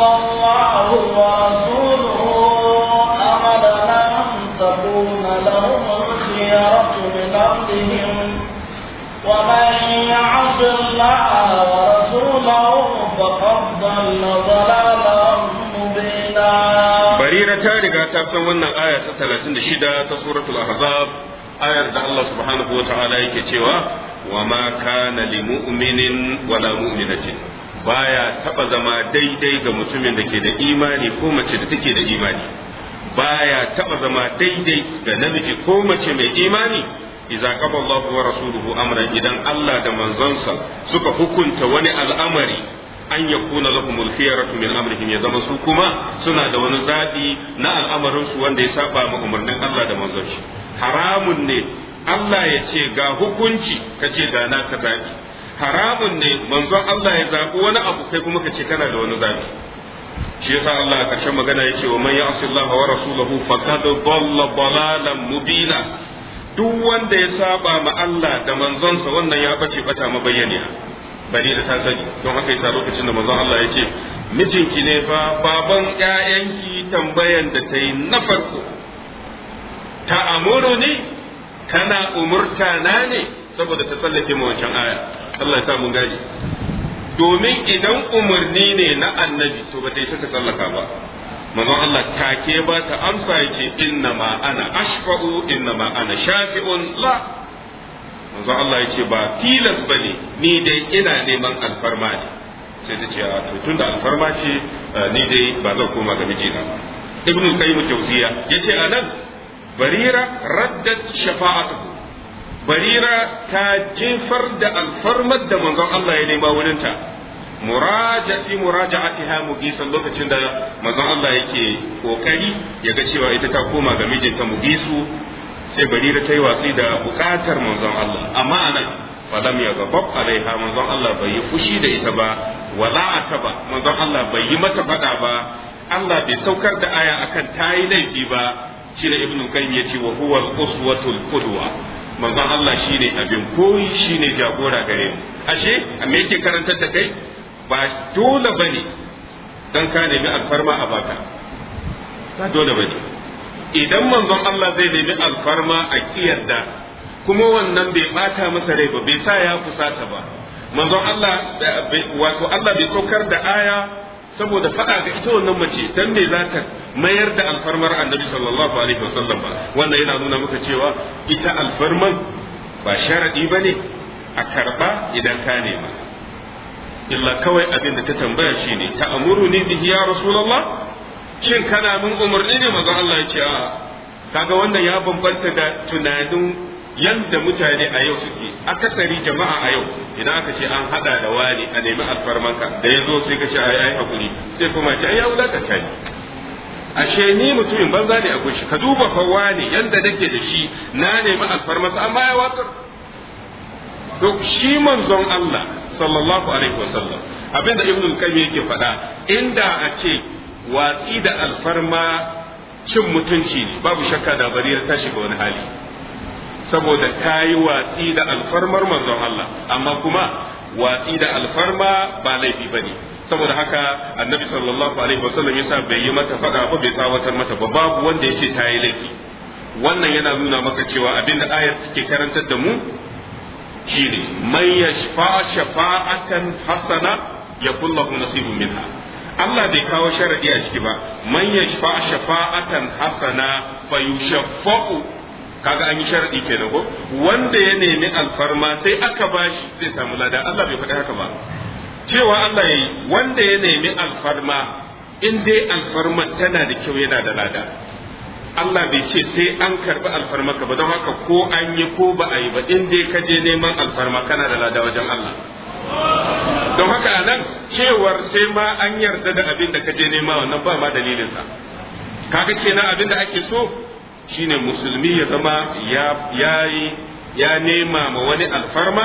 [SPEAKER 2] الله ورسوله فقد ضل ضلالا مبينا
[SPEAKER 1] بريرة تارقة تابتن ونن آية 36 سورة الأحزاب ayar da Allah subhanahu wa ta'ala yake cewa wa ma kana li mu'minin wala mu'minatin baya taba zama daidai ga mutumin da ke da imani ko mace da take da imani baya taba zama daidai ga namiji ko mace mai imani Iza kaba Allah wa rasuluhu amran idan Allah da manzonsa suka hukunta wani al'amari an yakuna lahumul khiyaratu min amrihim ya zama su kuma suna da wani zabi na al'amarin su wanda ya saba ma umarnin Allah da manzon shi haramun ne Allah ya ce ga hukunci kace ga na ka zabi haramun ne manzon Allah ya zabi wani abu kai kuma kace kana da wani zabi shi yasa Allah a ƙarshen magana yace wa man ya'si wa rasulahu faqad dhalla dhalalan mubina duk wanda ya saba ma Allah da manzonsa wannan ya bace bata mabayyaniya bari da ta sani don haka yasa lokacin da manzon Allah ya ce mijinki ne fa baban ƴaƴanki tambayan da ta yi na farko ta amuru ni kana umurta na ne saboda ta tsallake mu wancan aya Allah ya mun gani domin idan umarni ne na annabi to ba ta yi saka tsallaka ba manzon Allah take ba ta amsa ya ce inna ma ana ashfa'u inna ma ana shafi'un la manzon Allah ya ce ba tilas ba ne ni dai ina neman alfarma ne sai ta ce to tun da alfarma ce eh, ni dai ba zan koma ga mijina na ibn qayyim tawziya yace anan barira raddat shafa'atu barira ta jefar da alfarmar da manzon Allah ya nema wurinta ta murajati muraja'atiha mugisan lokacin da manzon Allah yake kokari ya ga cewa ita ta koma ga mijinta mugisu sai barira ta yi watsi da bukatar manzon Allah amma anan falam ya gabab alaiha manzon Allah bai yi fushi da ita ba wala ba manzon Allah bai yi mata fada ba Allah bai saukar da aya akan tayi laifi ba shine ibnu kayyim yace wa huwa al-uswatul qudwa manzon Allah shine abin koyi shine jagora gare ashe me yake karantar da kai ba dole ba ne don ka nemi alfarma a baka ba dole ba ne idan manzon Allah zai nemi alfarma a kiyarda kuma wannan bai bata masa rai ba bai sa ya fusata ba manzon Allah wato Allah bai saukar da aya saboda faɗa ga ita wannan mace dan me za ta mayar da alfarmar annabi sallallahu alaihi wasallam ba wannan yana nuna maka cewa ita alfarman ba sharadi bane a karba idan ka nema illa kawai abin da ta tambaya shi ne. ta amuru ni bihi ya rasulullah shin kana min umarni ne manzon Allah ya ce a kaga wannan ya bambanta da tunanin yanda mutane a yau suke akasari jama'a a yau idan aka ce an hada da wani a nemi alfarmanka da ya zo sai ka ce ai ai hakuri sai kuma ce ai ya ta ni ashe ni mutumin banza ne a gushi ka duba fa wani yanda nake da shi na nemi alfarmasa amma ya watsar to shi manzon Allah sallallahu alaihi wasallam abinda ibnu qayyim yake faɗa inda a ce watsi da alfarma cin mutunci ne babu shakka da bariyar ta shiga wani hali saboda ta yi watsi da alfarmar manzon Allah amma kuma watsi da alfarma ba laifi ba ne saboda haka annabi sallallahu alaihi wasallam yasa bai yi mata faɗa ba bai tsawatar mata ba babu wanda ya ce ta yi laifi wannan yana nuna maka cewa abinda da ayar take karantar da mu shine man yashfa shafa'atan hasana yakun lahu nasibun minha Allah bai kawo sharadi a ciki ba man yashfa shafa'atan hasana fayushaffa'u kaga an yi sharadi kenan ko wanda ya nemi alfarma sai aka bashi zai samu lada Allah bai faɗa haka ba cewa Allah yayi wanda ya nemi alfarma in dai alfarman tana da kyau yana da lada Allah bai ce sai an karbi alfarmaka ba don haka ko an yi ko ba a yi ba in dai ka je neman alfarma kana da lada wajen Allah don haka a nan cewar sai ma an yarda da abin da ka je nema wannan ba ma dalilinsa kaga kenan abin da ake so shine musulmi ya zama ya yi ya nema ma wani alfarma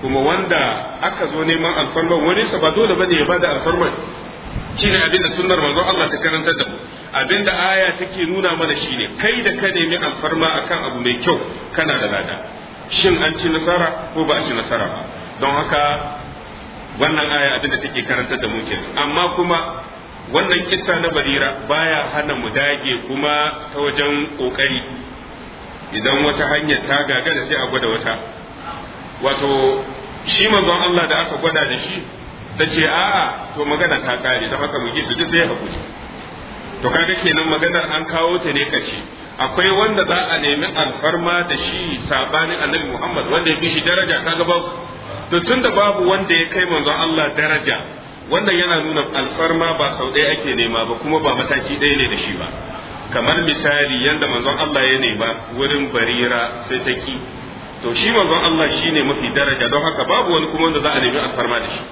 [SPEAKER 1] kuma wanda aka zo neman alfarma, wani sa ba dole bane ya ba da alfarma shine abin da sunnar manzon Allah ta karanta da abin da aya take nuna mana shine kai da ka nemi alfarma akan abu mai kyau kana da lada shin an ci nasara ko ba a ci nasara ba don haka wannan aya abin da take karanta da mu kenan amma kuma wannan kissa na barira baya hana mu dage kuma ta wajen kokari idan wata hanya ta gagara sai a gwada wata wato shi manzon Allah da aka gwada da shi ta ce a'a to magana ta kare ta haka mu ji su duk sai hakuri to kaga kenan maganar an kawo ta ne kashi akwai wanda za a nemi alfarma da shi sabanin annabi Muhammad wanda ya fi shi daraja kaga ba to tunda babu wanda ya kai manzon Allah daraja wannan yana nuna alfarma ba sau ɗaya ake nema ba kuma ba mataki ɗaya ne da shi ba kamar misali yadda manzon Allah ya nema wurin barira sai ta ki to shi manzon Allah shine mafi daraja don haka babu wani kuma wanda za a nemi alfarma da shi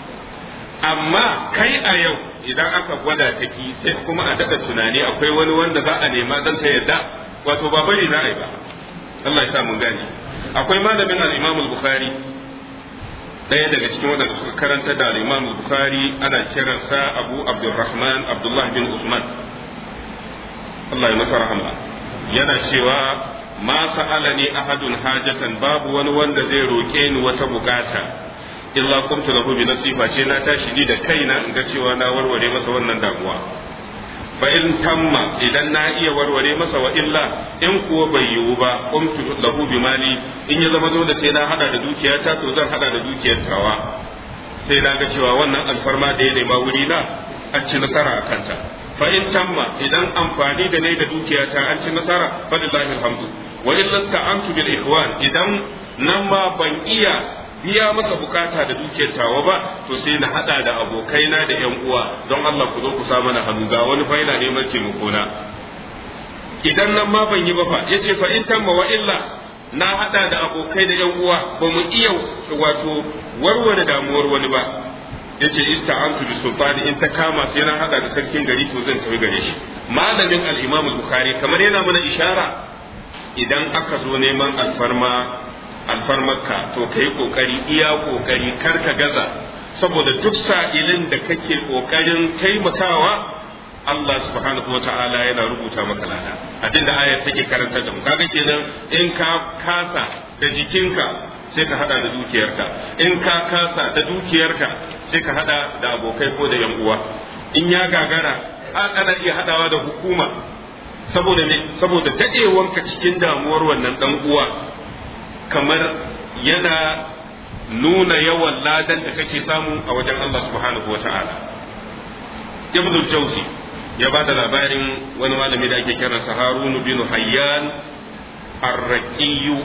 [SPEAKER 1] amma kai a yau idan aka gwada ta ki sai kuma a daɗa tunani akwai wani wanda za a nema don ta yadda wato ba bari na ba Allah ya sa mun gane akwai malamin al-Imam al-Bukhari Daya daga cikin waɗanda suka karanta da al-Imam al-Bukhari ana kiransa Abu Abdurrahman Abdullah bin Usman Allah ya masa rahama yana cewa ma sa'alani ahadun hajatan babu wani wanda zai roke ni wata bukata illa kuntu lahu bi nafsi ce na tashi ni da kaina in ga cewa na warware masa wannan damuwa fa in tamma idan na iya warware masa wa illa in kuwa bai yiwu ba kuntu lahu bi mali in ya zama dole sai na hada da dukiyata to zan hada da dukiyar tawa sai na ga cewa wannan alfarma da ya nema wuri na a ci nasara a kanta fa in tamma idan amfani da ne da dukiyata an ci nasara fa lillahi alhamdu wa illa ta'antu bil ikhwan idan nan ma ban iya biya masa bukata da dukiyar tawa ba to sai na hada da abokaina da yan uwa don Allah ku zo ku sa mana hannu ga wani fa yana neman taimako na idan nan ma ban yi ba fa yace fa in tamma wa illa na hada da abokai da yan uwa ba mu iya wato warware damuwar wani ba yace ista'antu bi sultani in ta kama sai na hada da sarkin gari to zan tafi gare shi malamin al-Imam Bukhari kamar yana mana ishara idan aka zo neman alfarma makka to ka yi iya ƙoƙari kar ka gaza saboda duk sa'ilin da kake ƙoƙarin taimakawa Allah subhanahu wa ta'ala yana rubuta maka lada abin da ayar take karanta da mu kaga kenan in ka kasa da jikinka sai ka hada da dukiyarka in ka kasa da dukiyarka sai ka hada da abokai ko da yan uwa in ya gagara kana iya hadawa da hukuma saboda me saboda dadewanka cikin damuwar wannan dan uwa kamar yana nuna yawan ladan da kake samu a wajen Allah subhanahu wa ta'ala ibnu jawzi ya ba da labarin wani malami da ake sa harunu binu hayyan arraqiyu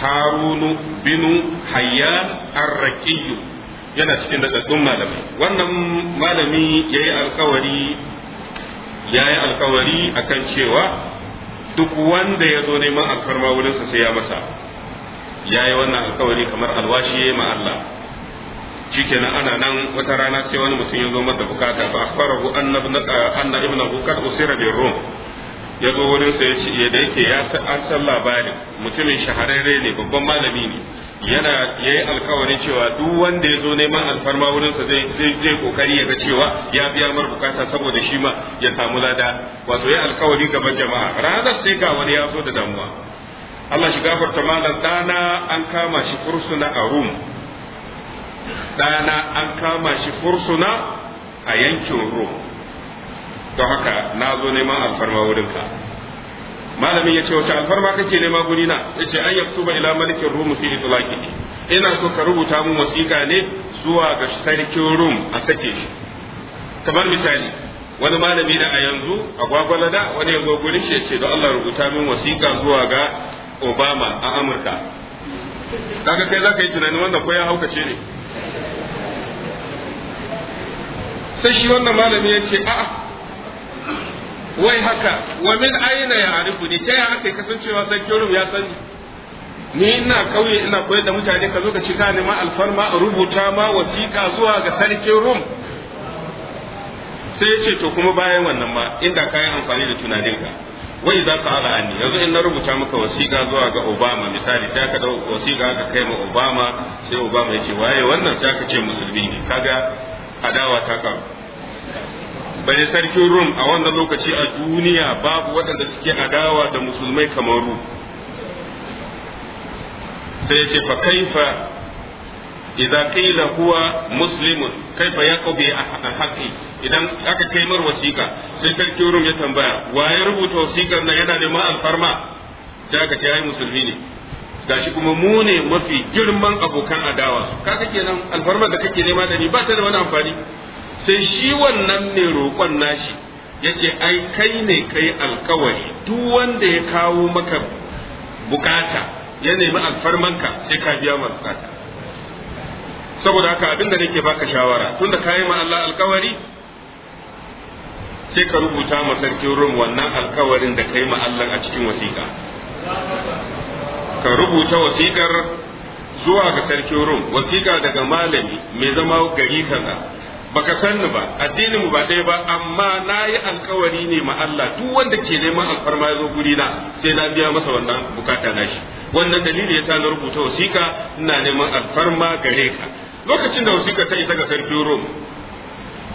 [SPEAKER 1] harunu binu hayyan arraqiyu yana cikin daɗaɗɗun malami. wannan malami ya yi alkawari ya yi alkawari akan cewa duk wanda ya zo neman alfarma wurinsa sai ya masa ya yi wannan alkawari kamar alwashi ya yi ma Allah shikenan ana nan wata rana sai wani mutum ya zo masa bukata an na anna ibnahu kad usira bi rum ya zo wurin sa ya da yake ya an san labarin mutumin shahararre ne babban malami ne yana yayi alkawarin cewa duk wanda ya zo neman alfarma wurin sa zai zai kokari ya ga cewa ya biya mar bukata saboda shi ma ya samu lada wato yayi alkawari gaban jama'a ranar sai ga wani ya zo da damuwa Allah shi gafarta malam ɗana an kama shi fursuna a Rum ɗana an kama shi fursuna a yankin Rum don haka na zo neman alfarma wurinka malamin ya ce wata alfarma kake nema guri ya ce an yaktuba ila malikin Rum fi itlaqi ina so ka rubuta mu wasiƙa ne zuwa ga sarkin Rum a sake shi kamar misali wani malami da a yanzu a gwagwalada wani ya zo gurin shi ce don Allah rubuta min wasiƙa zuwa ga obama a amurka kaga kai za ka yi tunanin wanda ko ya haukace ne sai shi wannan malami ya ce a'a wai haka wa min aina ya arifu ne ta aka yi kasancewa sai kyorum ya sani ni ina kauye ina koyar da mutane ka zo ka ci ka ma alfarma a rubuta ma wasiƙa zuwa ga sarkin rum sai ya ce to kuma bayan wannan ma inda kayan amfani da tunaninka wai za ka ala anni yanzu in na rubuta maka wasiƙa zuwa ga Obama misali sai ka dau wasiƙa aka kai ma Obama sai Obama ya ce waye wannan sai ka ce musulmi ne kaga adawa ta karu bare sarkin Rum a wannan lokaci a duniya babu waɗanda suke adawa da musulmai kamar ru sai ya ce fa kaifa idza qila huwa muslimun kaifa yaqbi haqqi idan aka kai mar wasiƙa sai ta rum ya tambaya ya rubuta wasikar nan yana neman alfarma sai aka ce musulmi ne gashi kuma mu ne mafi girman abokan adawa kaga kenan alfarma da kake nema da ni ba ta da wani amfani sai shi wannan ne roƙon nashi yace ai kai ne kai alkawari duk wanda ya kawo maka bukata ya nemi alfarmanka sai ka biya maka bukata saboda haka abin da nake baka shawara tunda kayi yi ma Allah alkawari sai ka rubuta ma sarkin rum wannan alkawarin da ka ma Allah a cikin wasiƙa ka rubuta wasiƙar zuwa ga sarkin rum wasiƙa daga malami mai zama gari kaza baka sanni ba addinin mu ba ɗaya ba amma nayi alkawari ne ma Allah duk wanda ke neman alfarma ya zo guri na sai na biya masa wannan bukata nashi wannan dalili ya na rubuta wasiƙa ina neman alfarma gare ka lokacin da wasiƙa ta isa ga sarkin rom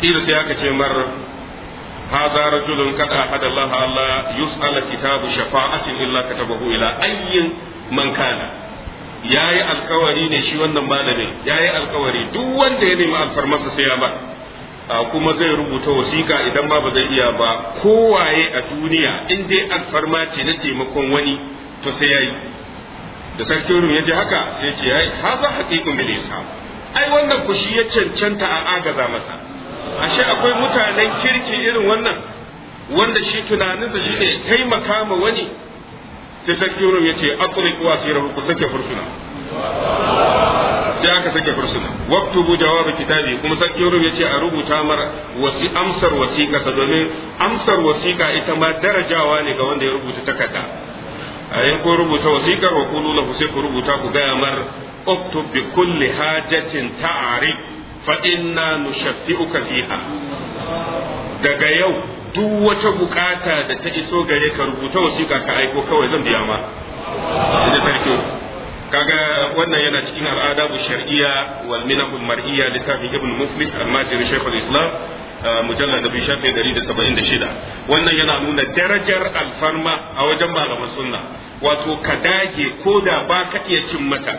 [SPEAKER 1] kila sai aka ce mar هذا rajulun قد أحد Allah, alla yus'ala Kitabu, شفاعة illa katabahu ila ayyin, man kana yayi alkawari ne shi wannan malamin yayi alkawari duk wanda ya nemi alfarmarsa sai ya ba kuma zai rubuta wasiƙa idan ba ba zai iya ba kowaye a duniya in dai alfarma ce na taimakon wani to sai yayi da sarkin rum ya ji haka sai ce yayi haza haqiqun bil islam ai wannan ku shi ya cancanta a agaza masa ashe akwai mutanen kirki irin wannan wanda shi tunanin shi ne taimaka ma wani sai sarki wurin ya ce akwai kuwa sai rahu ku sake fursuna sai aka sake fursuna waktu bu jawabi kitabi kuma sarki wurin ya ce a rubuta mara wasi amsar wasiƙa sa domin amsar wasiƙa ita ma darajawa ne ga wanda ya rubuta takarda a ko rubuta wasiƙar wa kulu lahu sai ku rubuta ku gaya mar اكتب بكل حاجة تعرف فإنا نشفئك فيها daga yau duk wata bukata da ta iso gare ka rubuta wasiƙa ka aiko kawai zan biya ma da sarki kaga wannan yana cikin al'ada bu shar'iyya wal minahul mar'iyya littafin ibn muflis almajiri shaykhul islam mujallal nabi shafi 176 wannan yana nuna darajar alfarma a wajen malaman sunna wato ka dage ko da ba ka iya cin mata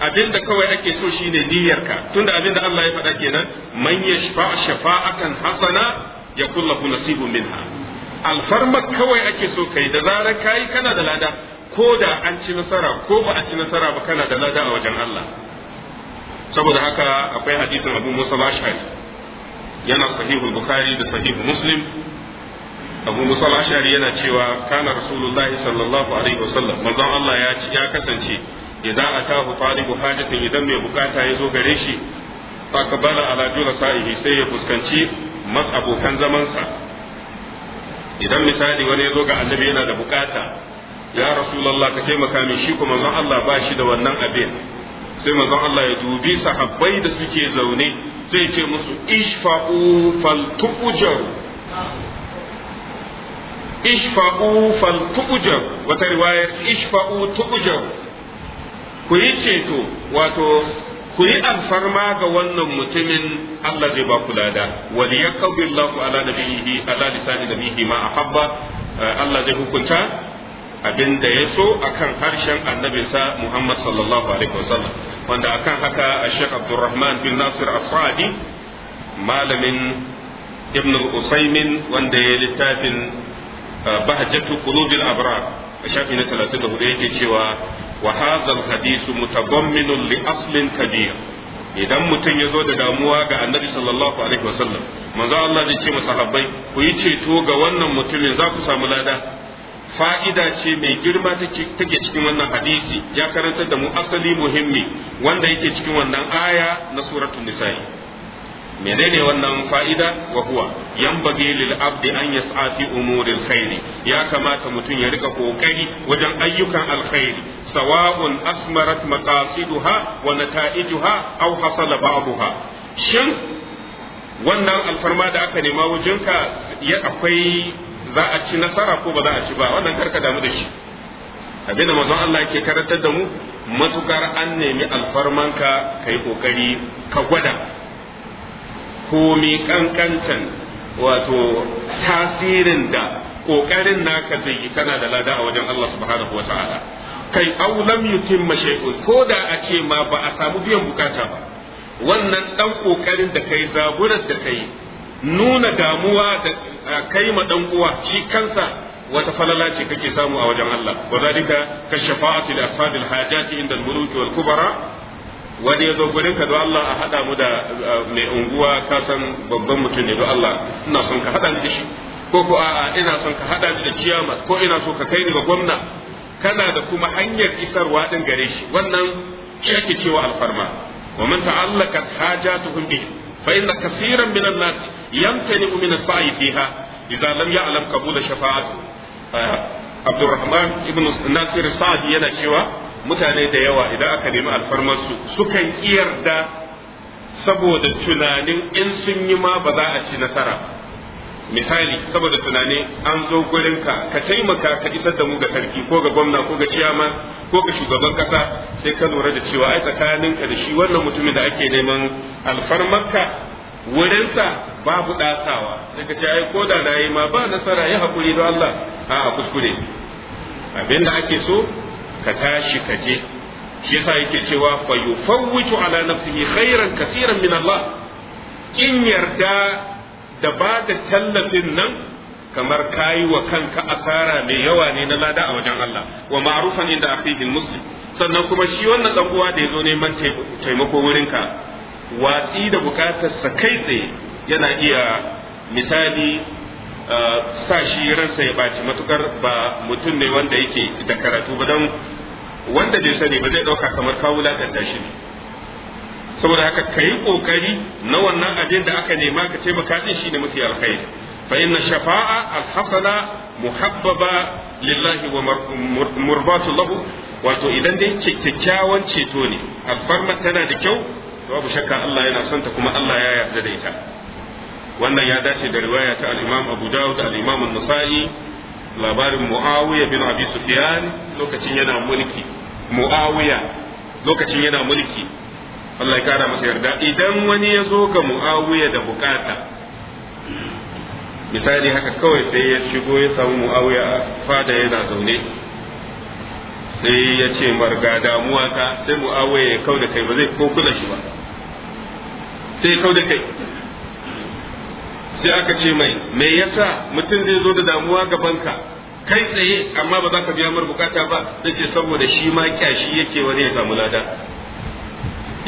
[SPEAKER 1] abinda kawai ake so shine niyyarka tunda abinda Allah ya faɗa kenan man yashfa shafa'atan hasana yakul lahu nasibun minha alfarma kawai ake so kai da zarar kai kana da lada ko da an ci nasara ko ba a ci nasara ba kana da lada a wajen Allah saboda haka akwai hadisin Abu Musa al-Ash'ari yana sahihul Bukhari da sahihu Muslim abu musa al-ashari yana cewa kana rasulullahi sallallahu alaihi wasallam manzon Allah ya ci ya kasance idan atahu talibu hajatin idan mai bukata ya zo gare shi aqbala ala julasa'ihi sai ya fuskanci mas abokan zamansa idan misali wani ya zo ga annabi yana da bukata ya rasulullah ka taimaka min shi kuma manzon Allah ba shi da wannan abin sai manzon Allah ya dubi sahabbai da suke zaune sai ce musu ishfa'u faltu'jaru ishfa'u faltu'jaru wata riwayar ishfa'u tu'jaru ku yi ceto wato ku yi alfarma ga wannan mutumin Allah zai ba ku lada wal yakbi Allahu ala nabihi ala lisani nabihi ma ahabba eh, Allah zai hukunta abin da ya so akan harshen annabinsa Muhammad sallallahu alaihi wasallam wanda akan haka Sheikh Abdulrahman bin Nasir as malamin Ibn Usaymin wanda ya littafin eh, Bahjatu Qulubil Abrar shafi na 34 yake cewa وهذا الحديث متضمن mutadammin li aslin idan mutum ya zo da damuwa ga annabi sallallahu alaihi wasallam manzo Allah zai ce masahabbai ku yi ceto ga wannan mutumin za ku samu lada fa'ida ce mai girma take cikin wannan hadisi ya karantar da mu asali muhimmi wanda yake cikin wannan aya na suratul nisa'i menene wannan fa'ida wa huwa yanbaghi lil abdi an yas'a fi umuril khairi ya kamata mutum ya rika kokari wajen ayyukan alkhairi sawa'un asmarat maqasiduha wa nata'ijuha aw hasala ba'daha shin wannan alfarma da aka nema wujinka ya akwai za a ci nasara ko ba za a ci ba wannan karka damu da shi abinda da mazan Allah ke karantar da mu matukar an nemi alfarmanka kai kokari ka gwada komi kankancan wato tasirin da ƙoƙarin naka zai yi kana da lada a wajen Allah subhanahu wa ta'ala kai aw lam yutimma shay'un ko da a ce ma ba a samu biyan bukata ba wannan dan ƙoƙarin da kai zaburar da kai nuna damuwa da kai ma dan uwa shi kansa wata falala ce kake samu a wajen Allah wa zalika ka shafa'ati li asfadil hajati inda al wal kubara wani ya zo gurin ka Allah a haɗa mu da mai unguwa ka san babban mutum ne don Allah ina son ka haɗa ni da shi ko ko a'a ina son ka haɗa ni da ciyama ko ina so ka kai ni ga gwamna kana da kuma hanyar isarwa ɗin gare shi wannan shi cewa alfarma wa man ta'allaqat hajatuhum bi fa inna kaseeran minan nas yamtani'u min as-sa'i fiha idza lam ya'lam qabul shafa'atu Abdurrahman ibn Nasir Sa'di yana cewa mutane da yawa idan aka nemi su sukan yarda saboda tunanin in sun yi ma ba za a ci nasara misali saboda tunanin an zo gurinka ka taimaka ka isar da mu ga sarki ko ga gwamna ko ga ciyama ko ga shugaban kasa sai ka lura da cewa ai tsakaninka da shi wannan mutumin da ake neman alfarmarka wurinsa babu ɗasawa sai ka ce ai ko da na yi ma ba nasara ya haƙuri don Allah a kuskure abin da ake so ka tashi ka je shi yasa yake cewa fa yufawwitu ala nafsihi khairan kaseeran min Allah in yarda da ba da tallafin nan kamar kayi wa kanka asara mai yawa ne na lada a wajen Allah wa ma'rufan inda akhihi muslim sannan kuma shi wannan dan uwa da yazo neman taimako wurinka watsi da sa kai tsaye yana iya misali sa shi ransa ya baci matukar ba mutum ne wanda yake da karatu ba don wanda bai sani ba zai dauka kamar ka wulakanta shi saboda haka ka yi kokari na wannan abin da aka nema ka ce din shi ne mafi alkhairi fa inna shafa'a alhasana muhabbaba lillahi wa murbatu lahu wato idan dai kyakkyawan ceto ne alfarma tana da kyau babu shakka Allah yana son kuma Allah ya yarda da ita wannan ya dace da riwaya ta al-Imam Abu Dawud da al-Imam An-Nasa'i labarin Muawiya bin Abi Sufyan lokacin yana mulki Muawiya lokacin yana mulki Allah ya kara masa yarda idan wani ya zo ga Muawiya da bukata misali haka kawai sai ya shigo ya samu Muawiya fada yana zaune sai ya ce marga damuwa ta sai Muawiya ya kauda kai ba zai ko kula shi ba sai kauda kai sai aka ce mai me yasa mutum zai zo da damuwa gabanka kai tsaye amma ba za ka biya mar bukata ba zai ce saboda shi ma kyashi yake wani ya samu lada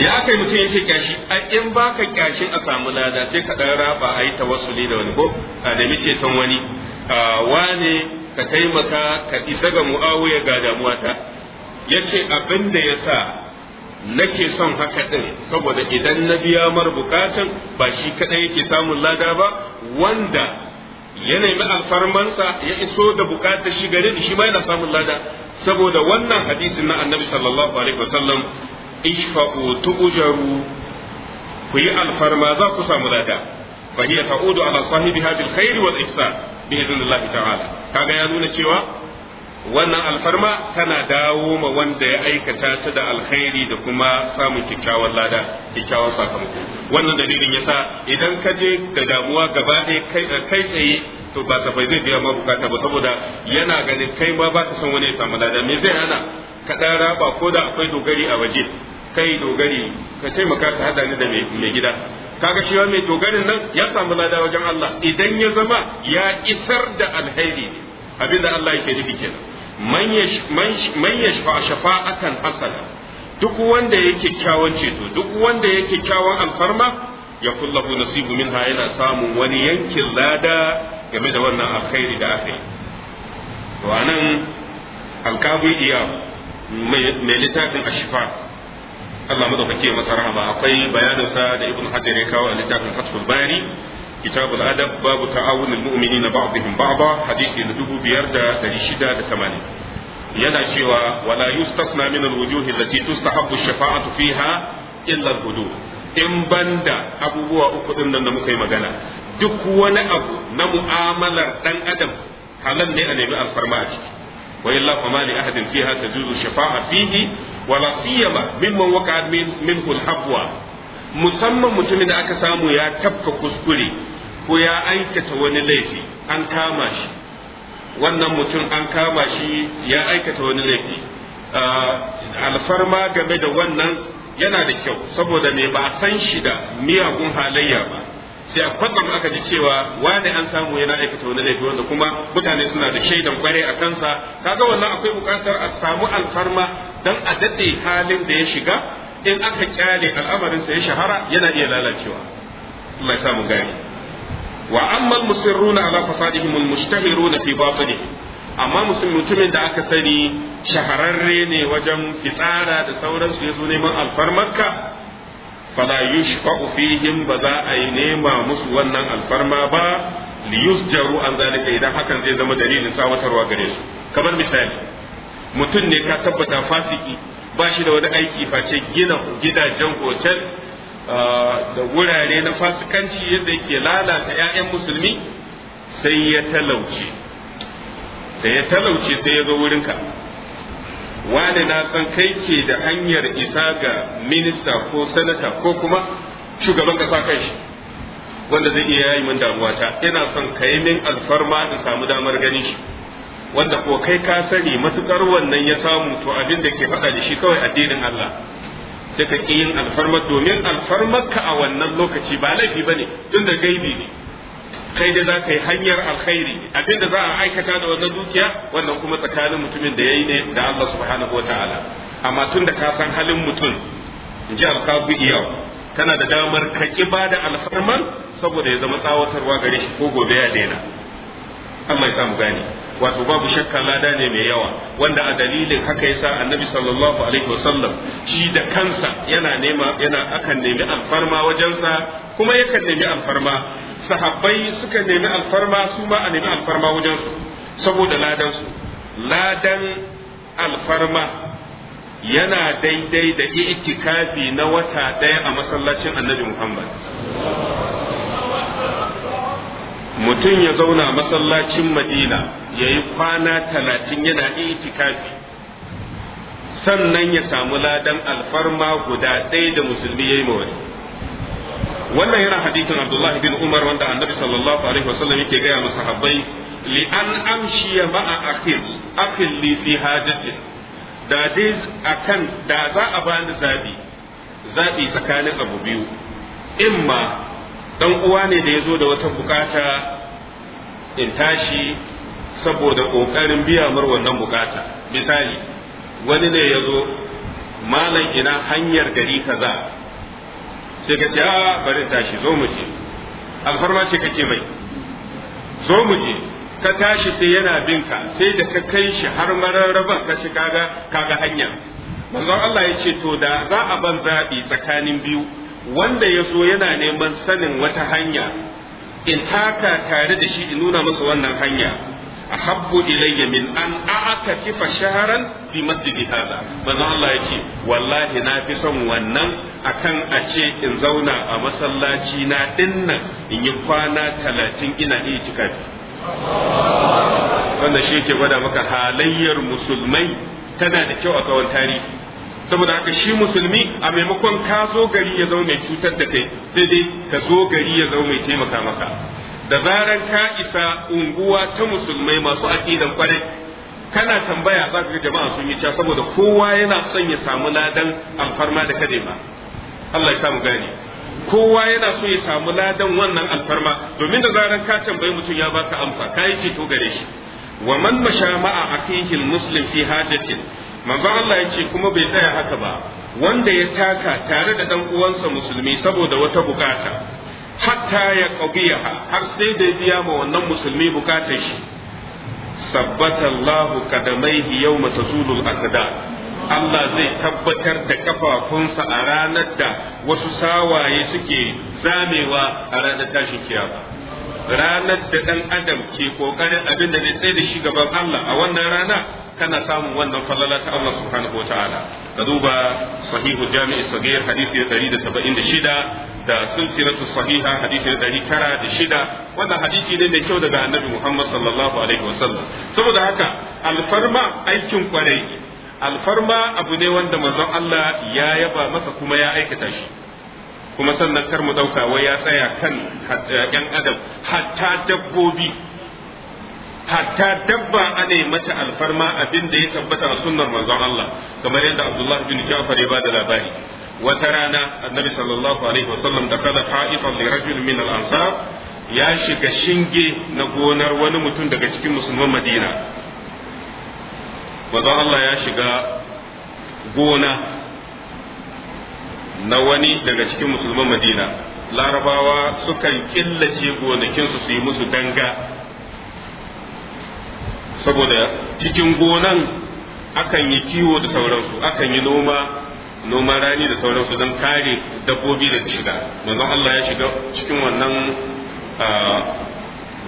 [SPEAKER 1] ya aka yi mutum yake kyashi a in baka kyashi a samu lada sai ka dan raba a yi tawassuli da wani ko a da muke san wani wane ka taimaka ka isa ga mu'awiya ga damuwata yace abin da yasa nake son haka ɗin saboda idan na biya mar bukatan ba shi kaɗai yake samun lada ba wanda ya nemi alfarmansa ya iso da bukatar shi gare shi ma yana samun lada saboda wannan hadisin na annabi sallallahu alaihi wasallam ishfa'u tu'jaru ku yi alfarma za ku samu lada fa hiya ta'udu ala sahibi bil khairi wal ihsan bi idnillahi ta'ala kaga ya nuna cewa wannan alfarma tana dawo ma wanda ya aikata ta da alkhairi da kuma samun kyakkyawar lada kyakkyawan sakamako wannan dalilin yasa idan ka je da damuwa gaba ɗaya kai tsaye to ba safai zai biya ma bukata ba saboda yana ganin kai ma ba ka san wani ya samu lada me zai hana ka ɗan raba ko da akwai dogari a waje kai dogari ka taimaka ka hada ni da mai gida kaga shi mai dogarin nan ya samu lada wajen Allah idan ya zama ya isar da alheri abinda Allah yake nufi kenan man shafa akan hasana duk wanda ya kyakkyawan ceto duk wanda ya kyakkyawan alfarma ya kullahu nasibu minha yana samun wani yankin lada game da wannan alkhairi da aka yi to anan alkabi iya mai littafin ashifa Allah madaukake masa rahama akwai bayaninsa da ibn hajar ya kawo a littafin fathul bari kitabul adab babu ta'awunul mu'minina ba'dihim ba'da hadisi na dubu biyar da dari shida da tamanin yana cewa wala yustasna min alwujuhi allati tustahabbu shafa'atu fiha illa gudu. in banda abubuwa uku ɗin nan da muka yi magana duk wani abu na mu'amalar ɗan adam halal ne a nemi alfarma a ciki وإلا فما لأحد فيها تجوز الشفاعة فيه ولا سيما ممن وقع منه الحبوة musamman mutumin da aka samu ya tafka kuskure ko ya aikata wani laifi an kama shi wannan mutum an kama shi ya aikata wani laifi ah, alfarma game da wannan yana da kyau saboda mai ba a san shi da miyagun halayya ba sai a kwatsam aka ji cewa wani an samu yana aikata wani laifi wanda kuma mutane suna da shaidan kware a kansa kaga wannan akwai bukatar a samu alfarma don a daɗe halin da ya shiga in aka kyale al'amarinsa ya shahara yana iya lalacewa Allah ya mu gani wa amma musirruna ala fasadihim almustahiruna fi batini amma mutumin da aka sani shahararre ne wajen fitsara da sauransu ya neman alfarmarka fala yushfa'u fihim ba za a yi nema musu wannan alfarma ba li yusjaru an zalika idan hakan zai zama dalilin sawatarwa gare su kamar misali mutum ne ka tabbata fasiki ba shi da wani aiki face gina gidajen hotel ah, da wurare na fasikanci yadda yake lalata 'ya'yan musulmi sai ya talauce da ya talauce sai ya zo wurinka wani na san kai ke da hanyar isa ga minista ko sanata ko kuma shugaban kasa kai shi wanda zai iya yi min ta, ina son ka min alfarma in samu damar ganin shi wanda ko kai ka sani matukar wannan ya samu to abin da ke faɗa da shi kawai addinin Allah sai ka yin alfarmar domin alfarmarka a wannan lokaci ba laifi ba ne tun da gaibi ne kai da za ka yi hanyar alkhairi abin da za a aikata da wannan dukiya wannan kuma tsakanin mutumin da ya yi ne da Allah subhanahu wa ta'ala amma tun da ka san halin mutum in ji alkabu iyau kana da damar ka ƙi ba da alfarman saboda ya zama tsawatarwa gare shi ko gobe ya daina Allah ya samu gane wato babu shakka lada ne mai yawa wanda a dalilin haka yasa annabi sallallahu alaihi wasallam shi da kansa yana nema yana akan nemi alfarma wajensa kuma yakan nemi alfarma sahabbai suka nemi alfarma su ma a nemi alfarma wajensu saboda ladan su ladan alfarma yana daidai da itikafi na wata ɗaya a masallacin annabi muhammad mutum ya zauna masallacin madina ya yi kwana talatin yana itikafi sannan ya samu ladan alfarma guda ɗaya da musulmi ya yi mawani wannan yana hadithin abdullahi bin umar wanda annabi sallallahu alaihi wasallam yake gaya masa habbai li an amshiya ma'a akhil akhil li fi hajatin da dai akan da za a bani zabi zabi tsakanin abu biyu imma dan uwa ne da ya zo da wata bukata in tashi saboda ƙoƙarin biya mar wannan bukata misali wani ne ya zo malam ina hanyar gari kaza sai ka a bari tashi zo mu je alfarma ce kake mai zo mu je ka tashi sai yana bin ka sai da ka kai shi har mararraban ka ci kaga kaga hanya manzon Allah ya ce to da za a ban zaɓi tsakanin biyu wanda ya so yana neman sanin wata hanya in taka tare da shi in nuna masa wannan hanya a habbu ilayya min an a'aka kifa shaharan fi masjidi hada manzo Allah ya ce wallahi na fi son wannan akan a ce in zauna a masallaci na dinnan in yi kwana talatin ina iya cika wannan shi ke gwada maka halayyar musulmai tana da kyau a tsawon tarihi saboda haka shi musulmi a maimakon ka zo gari ya zama mai cutar da kai sai dai ka zo gari ya zama mai taimaka maka da zaran ka isa unguwa ta musulmai masu aqidan kwarai kana tambaya za ka ga jama'a sun yi ca saboda kowa yana son ya samu ladan alfarma da kade ba Allah ya samu gani kowa yana so ya samu ladan wannan alfarma domin da zaran ka tambayi mutum ya baka amsa kai ce to gare shi wa man masha ma'a akhihi almuslim fi hajatin manzon Allah ya ce kuma bai tsaya haka ba wanda ya taka tare da dan uwansa musulmi saboda wata bukata hatta ya qabiha har sai da biya ma wannan musulmi bukatar shi sabbata Allahu qadamaihi yawma tazulul aqda Allah zai tabbatar da kafafunsa a ranar da wasu sawaye suke zamewa a ranar tashin kiyama ranar da ɗan adam ke ƙoƙarin abin da zai tsaye da shi gaban Allah a wannan rana kana samun wannan falala ta Allah subhanahu wa ta'ala ka duba sahihu jami'i sagir hadisi na ɗari da saba'in da shida da sulsilatu sahiha hadisi na ɗari tara da shida wannan hadisi ne mai kyau daga annabi Muhammad sallallahu alaihi wa sallam saboda haka alfarma aikin kwarai alfarma abu ne wanda manzon Allah ya yaba masa kuma ya aikata shi kuma sannan kar mu dauka wai ya tsaya kan eh, yan adam hatta dabbobi hatta dabba ana mata alfarma abin da ya tabbata a sunnar manzon Allah kamar yadda Abdullah bin Ja'far ya bada labari wata rana annabi sallallahu alaihi wasallam da kada ha'itan li rajul min al-ansar ya shiga shinge na gonar wani mutum daga cikin musulman Madina manzon Allah ya shiga gona na wani daga cikin musulman madina larabawa sukan killace gonakinsu su yi musu danga saboda cikin gonan akan yi kiwo da sauransu akan yi noma noma rani da sauransu don kare dabbobi da shiga manzon Allah ya shiga cikin wannan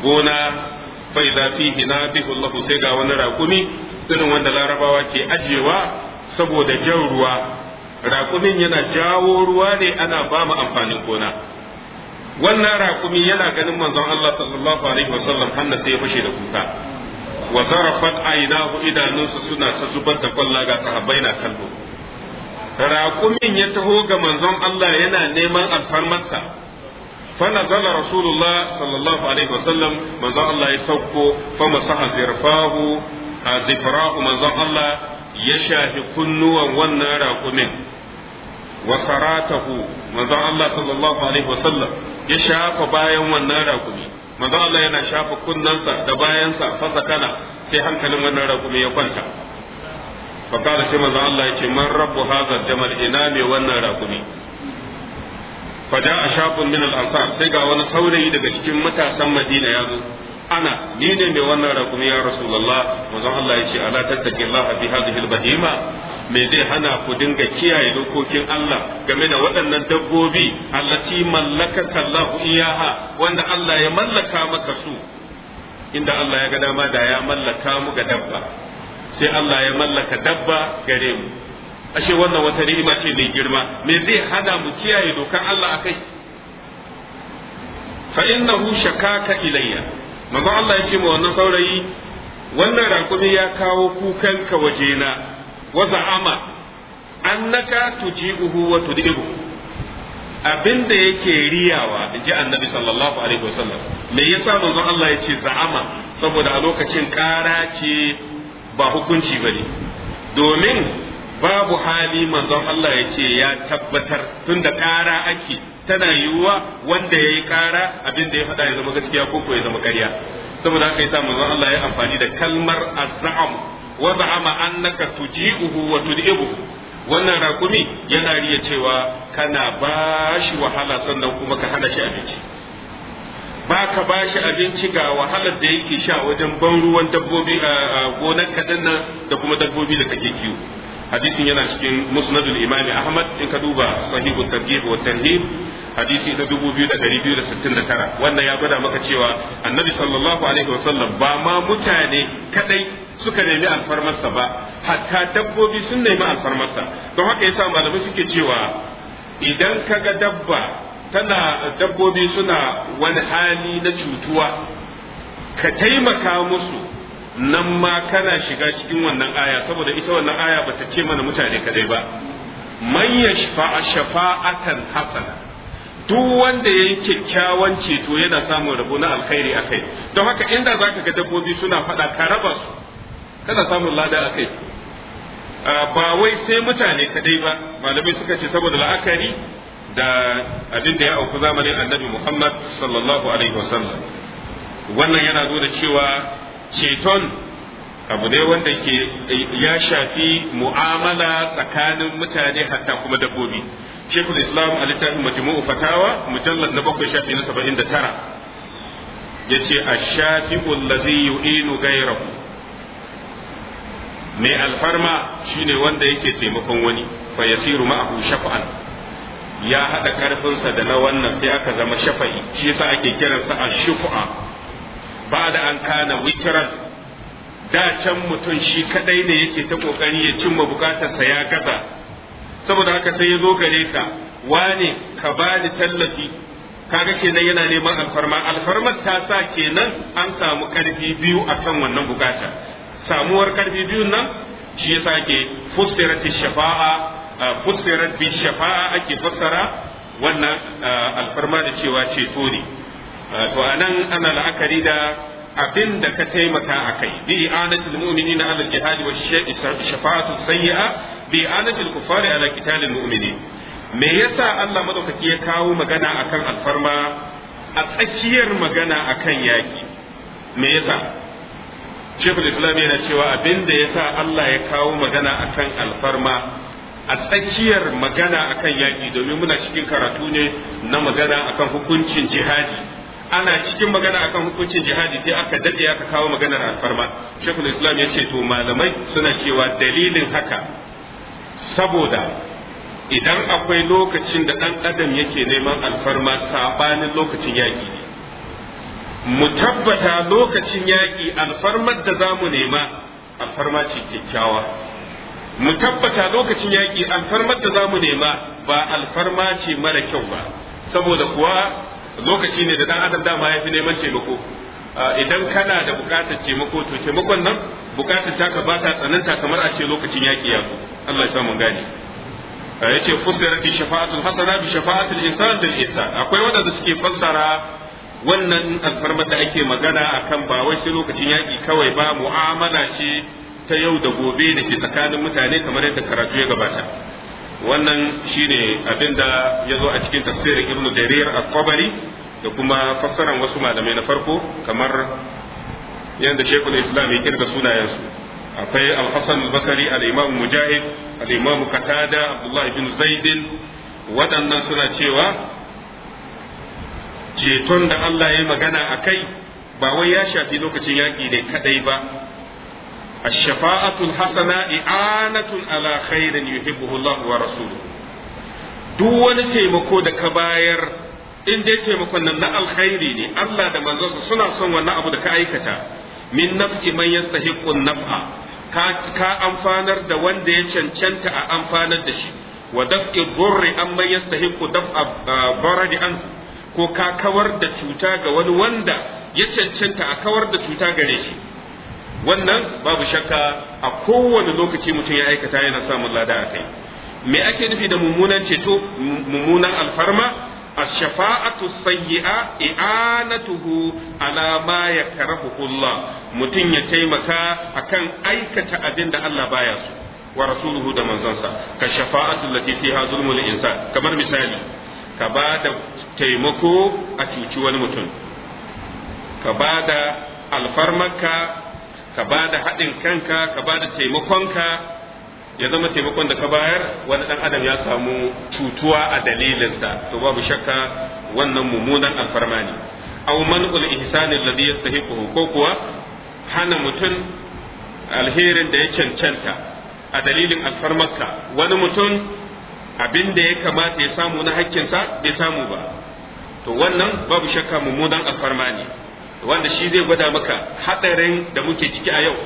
[SPEAKER 1] gona fai zafi hina bihullahu sai ga wani rakumi irin wanda larabawa ke ajiyewa saboda jan ruwa raƙumin yana jawo ruwa ne ana ba mu amfanin gona wannan rakumi yana ganin manzon Allah sallallahu alaihi wasallam hannu sai ya fashe da kuka wa zarafat ainahu idanunsu suna ta zubar da kwalla ga sahabbai na kallo raƙumin ya taho ga manzon Allah yana neman alfarmarsa فنزل رسول الله صلى الله عليه وسلم من ذا الله يسوكو فمسح زرفاه زفراه من ذا الله ya shafi kunnuwan wannan raƙumin Wasaratahu, saratahu Allah sallallahu alaihi wasallam ya shafa bayan wannan rakumi manzon Allah yana shafa sa da bayansa fasa kana sai hankalin wannan rakumi ya kwanta fa kala sai manzon Allah yace man rabbu hadha jamal ina mai wannan rakumi fa a shafin min al-ansar sai ga wani saurayi daga cikin matasan Madina ya zo ana ni ne mai wannan rakumin ya rasulullah manzon Allah yace ala tattaqi Allah fi hadhihi al-bahima me zai hana ku dinga kiyaye dokokin Allah game da waɗannan dabbobi allati mallaka Allahu iyaha wanda Allah ya mallaka maka su inda Allah ya ga dama da ya mallaka mu ga dabba sai Allah ya mallaka dabba gare mu ashe wannan wata ni'ima ce mai girma me zai hana mu kiyaye dokar Allah akai fa innahu shakaka ilayya manzo Allah ya ce mu wannan saurayi wannan rakumi ya kawo kukanka wajena wa za'ama annaka tujibuhu wa abinda yake riyawa inji annabi sallallahu alaihi wasallam me yasa manzon Allah ya za'ama saboda a lokacin kara ce ba hukunci bane domin babu hali manzon Allah ya ce ya tabbatar tunda kara ake tana yiwuwa wanda ya yi kara abin da ya faɗa ya zama gaskiya ko ya zama karya saboda haka yasa manzon Allah ya amfani da kalmar azzam wa za'ama annaka tuji'uhu wa tud'ibuhu wannan rakumi yana riya cewa kana bashi wahala sannan kuma ka hana shi abinci baka bashi abinci ga wahalar da yake sha wajen ban ruwan dabbobi a gonar kaɗan da kuma dabbobi da kake kiwo hadisin yana cikin musnadul imami ahmad in ka duba sahihu tarjih wa hadisi na tara. wannan ya gwada maka cewa annabi sallallahu alaihi wasallam ba ma mutane kadai suka nemi alfarmarsa ba hatta dabbobi sun nemi alfarmarsa don haka yasa malamai suke cewa idan kaga dabba tana dabbobi suna wani hali na cutuwa ka taimaka musu nan ma kana shiga cikin wannan aya saboda ita wannan aya bata ce mana mutane kadai ba man yashfa'a shafa'atan hasana duk wanda ya yi kyakkyawan ceto yana samun rabo na alkhairi a kai don haka inda za ka ga dabbobi suna faɗa ka raba su kana samun lada a kai ba wai sai mutane kadai ba malamai suka ce saboda la'akari da abin da ya auku zamanin annabi muhammad sallallahu alaihi wasallam wannan yana zo da cewa ceton abu ne wanda ke ya shafi mu'amala tsakanin mutane hatta kuma dabbobi shekul islam a littafin majmu'u fatawa mujallad na bakwai shafi na saba'in da tara ya ce a shafi ullazi yu'inu gairahu mai alfarma shine wanda yake taimakon wani fa yasiru ma'ahu shafa'an ya haɗa karfinsa da na wannan sai aka zama shafa'i shi yasa ake kiransa a shufa ba da an kana witiran. da can mutum shi kadai ne yake ta kokari ya cimma bukatarsa ya gaza saboda haka sai ya zo gare ka wane ka ba bani tallafi kaga kenan yana neman alfarma alfarmar ta sa kenan an samu karfi biyu a akan wannan bukata samuwar karfi biyun nan shi yasa ke fussirat shafa'a fussirat bi shafa'a ake fassara wannan alfarma da cewa ceto ne to anan ana la'akari da abin da ka taimaka a kai bi anatil mu'minin ala jihad wa shafa'atu sayyi'a bi anatil kufari ala qitalil mu'minin me yasa Allah madaukaki ya kawo magana akan alfarma a tsakiyar magana akan yaki me yasa Shekul Islam yana cewa abin da yasa Allah ya kawo magana akan alfarma a tsakiyar magana akan yaki domin muna cikin karatu ne na magana akan hukuncin jihadi ana cikin magana akan hukuncin jihadi sai aka dade aka kawo maganar alfarma shekul islam ya ce to malamai suna cewa dalilin haka saboda idan akwai lokacin da dan adam yake neman alfarma sabanin lokacin yaki mu tabbata lokacin yaki alfarmar da za mu nema alfarma ce kyakkyawa mu tabbata lokacin yaki alfarmar da za mu nema ba alfarma ce mara kyau ba saboda kuwa lokaci ne da dan adam dama ya fi neman taimako idan kana da bukatar taimako to taimakon nan bukatar ka ba ta tsananta kamar a ce lokacin yaƙi ya zo Allah ya samu gane yace fusirati shafa'atul hasana bi shafa'atil insan bil insan akwai wanda suke fassara wannan alfarmar da ake magana akan ba wai sai lokacin yaƙi kawai ba mu'amala ce ta yau da gobe da ke tsakanin mutane kamar yadda karatu ya gabata wannan shine abin da ya zo a cikin tafsirin ibnu jarir al tabari da kuma fassaran wasu malamai na farko kamar yadda shekul islam ya kirga sunayensu akwai al-hasan al-basri al-imam mujahid al-imam qatada abdullah ibn zaid waɗannan suna cewa ceton da Allah ya magana a kai ba wai ya shafi lokacin yaƙi ne kadai ba ash-shafa'atu al-hasana i'anatun ala khairin yuhibbuhu Allah wa rasuluhu duk wani taimako da ka bayar in dai taimakon nan na alkhairi ne Allah da manzonsa suna son wannan abu da ka aikata min nafsi man yastahiqqu naf'a ka ka amfanar da wanda ya cancanta a amfanar da shi wa daf'i dhurri amma yastahiqqu daf'a baradi an ko ka kawar da cuta ga wani wanda ya cancanta a kawar da cuta gare shi wannan babu shakka a kowane lokaci mutum ya aikata yana samun lada a kai me ake nufi da mummunan ceto mummunan alfarma ashafa'atu sayyi'a i'anatuhu ala ma yakrahu Allah mutum ya taimaka akan aikata abin da Allah baya so wa rasuluhu da manzansa ka shafa'atu latifi fiha zulmul insa. kamar misali ka ba da taimako a cuci wani mutum ka ba da ka. ka ba da haɗin kanka ka ba da taimakonka ya zama taimakon da ka bayar wani ɗan adam ya samu cutuwa a dalilinsa to babu shakka wannan mummunan alfarma ne aw man'ul ihsani alladhi yastahiquhu ko kuwa hana mutum alherin da ya cancanta a dalilin alfarmarka wani mutum abin da ya kamata ya samu na hakkinsa bai samu ba to wannan babu shakka mummunan alfarma ne wanda shi zai gwada maka hadarin da muke ciki a yau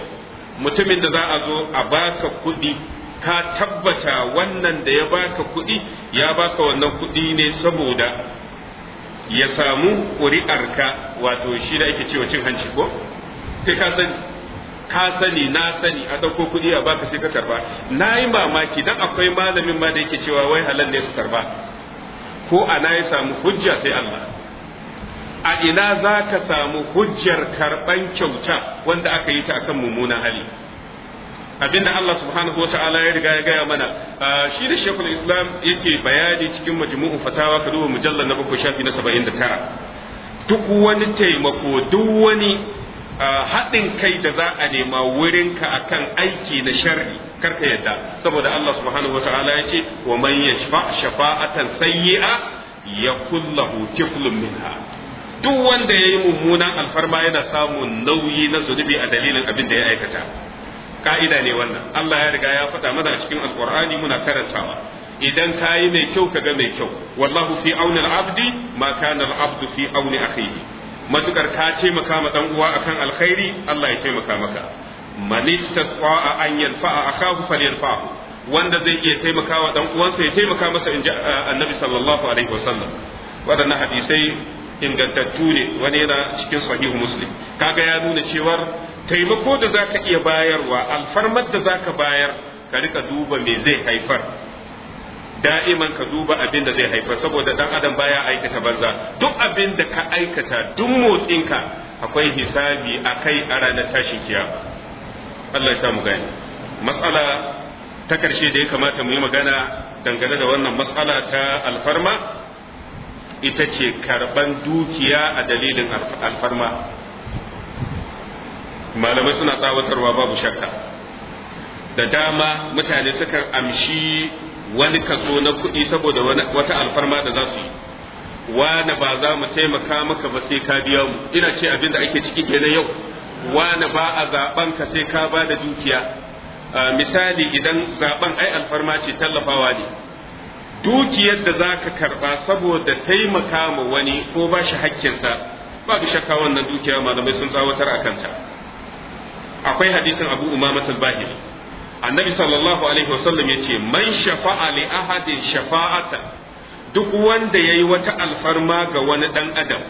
[SPEAKER 1] mutumin da za a zo a baka kuɗi ka tabbata wannan da ya baka kuɗi ya baka wannan kuɗi ne saboda ya samu ƙuri'arka wato shi da ake cewa cin hanci ko kai ka sani ka sani na sani a ɗauko kuɗi a baka sai ka karba na yi mamaki dan akwai malamin ma da yake cewa wai halal ne su karba ko ana ya samu hujja sai Allah a ina za ka samu hujjar karɓan kyauta wanda aka yi ta akan mummunan hali abinda Allah subhanahu wa ta'ala ya riga ya gaya mana shi da shekul islam yake bayani cikin majmu'u fatawa ka duba mujallar na bakwai shafi na saba'in da tara duk wani taimako duk wani haɗin kai da za a nema wurinka akan aiki na shar'i karka yadda saboda Allah subhanahu wa ta'ala ya ce wa man yashfa shafa'atan sayyi'a yakullahu tiflun minha duk wanda ya yi mummunan alfarma yana samun nauyi na zunubi a dalilin abin da ya aikata ka'ida ne wannan Allah ya riga ya faɗa mana a cikin alkur'ani muna karantawa idan ka yi mai kyau ka ga mai kyau wallahu fi auni abdi ma kana abdu fi auni akhihi matukar ka taimaka ma dan uwa akan alkhairi Allah ya taimaka maka man istasqa an yanfa'a akahu falyanfa'hu wanda zai iya taimakawa dan uwansa ya taimaka masa inji annabi sallallahu alaihi wasallam wadannan hadisai ingantattu ne wani yana cikin sahihu muslim kaga ya nuna cewar taimako da zaka iya bayarwa alfarmar da zaka bayar ka rika duba me zai haifar da'iman ka duba abin da zai haifar saboda dan adam baya aikata banza duk abin da ka aikata duk motsinka akwai hisabi akai a ranar tashin kiyama Allah ya mu gani matsala ta karshe da ya kamata mu yi magana dangane da wannan matsala ta alfarma ita ce karban dukiya a dalilin alfarma malamai suna tsawatarwa babu shakka da dama mutane sukan amshi wani kaso na kuɗi saboda wata alfarma da za su yi wane ba za mu taimaka maka ba sai ka biya mu ina ce abin da ake ciki kenan yau wane ba a zaben ka sai ka ba da dukiya misali idan zaben ai alfarma ce tallafawa ne dukiyar da za ka karba saboda taimaka ma wani ko ba shi hakkinsa da shakka wannan dukiya malamai sun tsawatar akan ta akwai hadisin Abu Umama al-Bahili annabi sallallahu alaihi wasallam yace man shafa'a li ahadin shafa'atan duk wanda yayi wata alfarma ga wani dan adam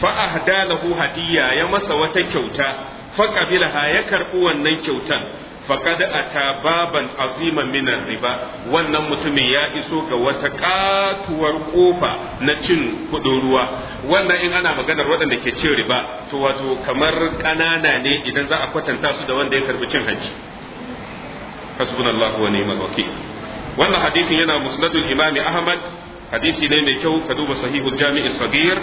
[SPEAKER 1] fa ahda lahu hadiya ya masa wata kyauta fa qabilaha ya karbi wannan kyautan faqad ata baban aziman minan riba wannan mutumin ya iso ga wata katuwar kofa na cin kudin ruwa wannan in ana maganar waɗanda ke cin riba to wato kamar ƙanana ne idan za a kwatanta su da wanda ya karbi cin hanci hasbunallahu wa ni'mal wakil wannan hadisin yana musnadul imami ahmad hadisi ne mai kyau ka duba sahihul jami'i sagir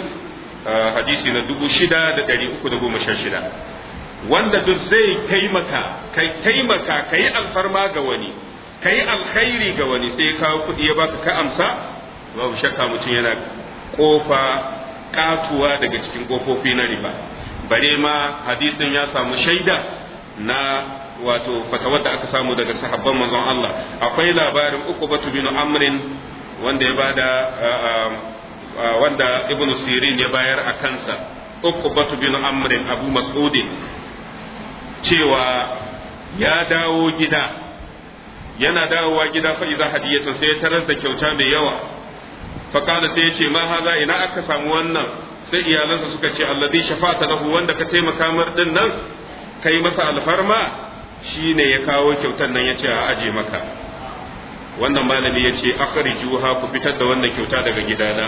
[SPEAKER 1] ah, hadisi na shida. wanda duk zai taimaka kai taimaka kai alfarma ga wani kai alkhairi ga wani sai ka kuɗi ya baka ka amsa babu shakka mutum yana kofa katuwa daga cikin kofofi na riba bare ma hadisin ya samu shaida na wato fatawar da aka samu daga sahabban manzon Allah akwai labarin uku bin amrin wanda ya bada wanda ibnu sirin ya bayar a kansa uku bin amrin abu mas'udin cewa ya dawo gida yana dawowa gida fa iza hadiyatan sai ya tarar da kyauta mai yawa fa kana sai yace ma haza ina aka samu wannan sai iyalansa suka ce alladhi shafa'ata lahu wanda ka taimaka mar din nan kai masa alfarma shine ya kawo kyautar nan yace a aje maka wannan malami yace akhrijuha ku fitar da wannan kyauta daga gidana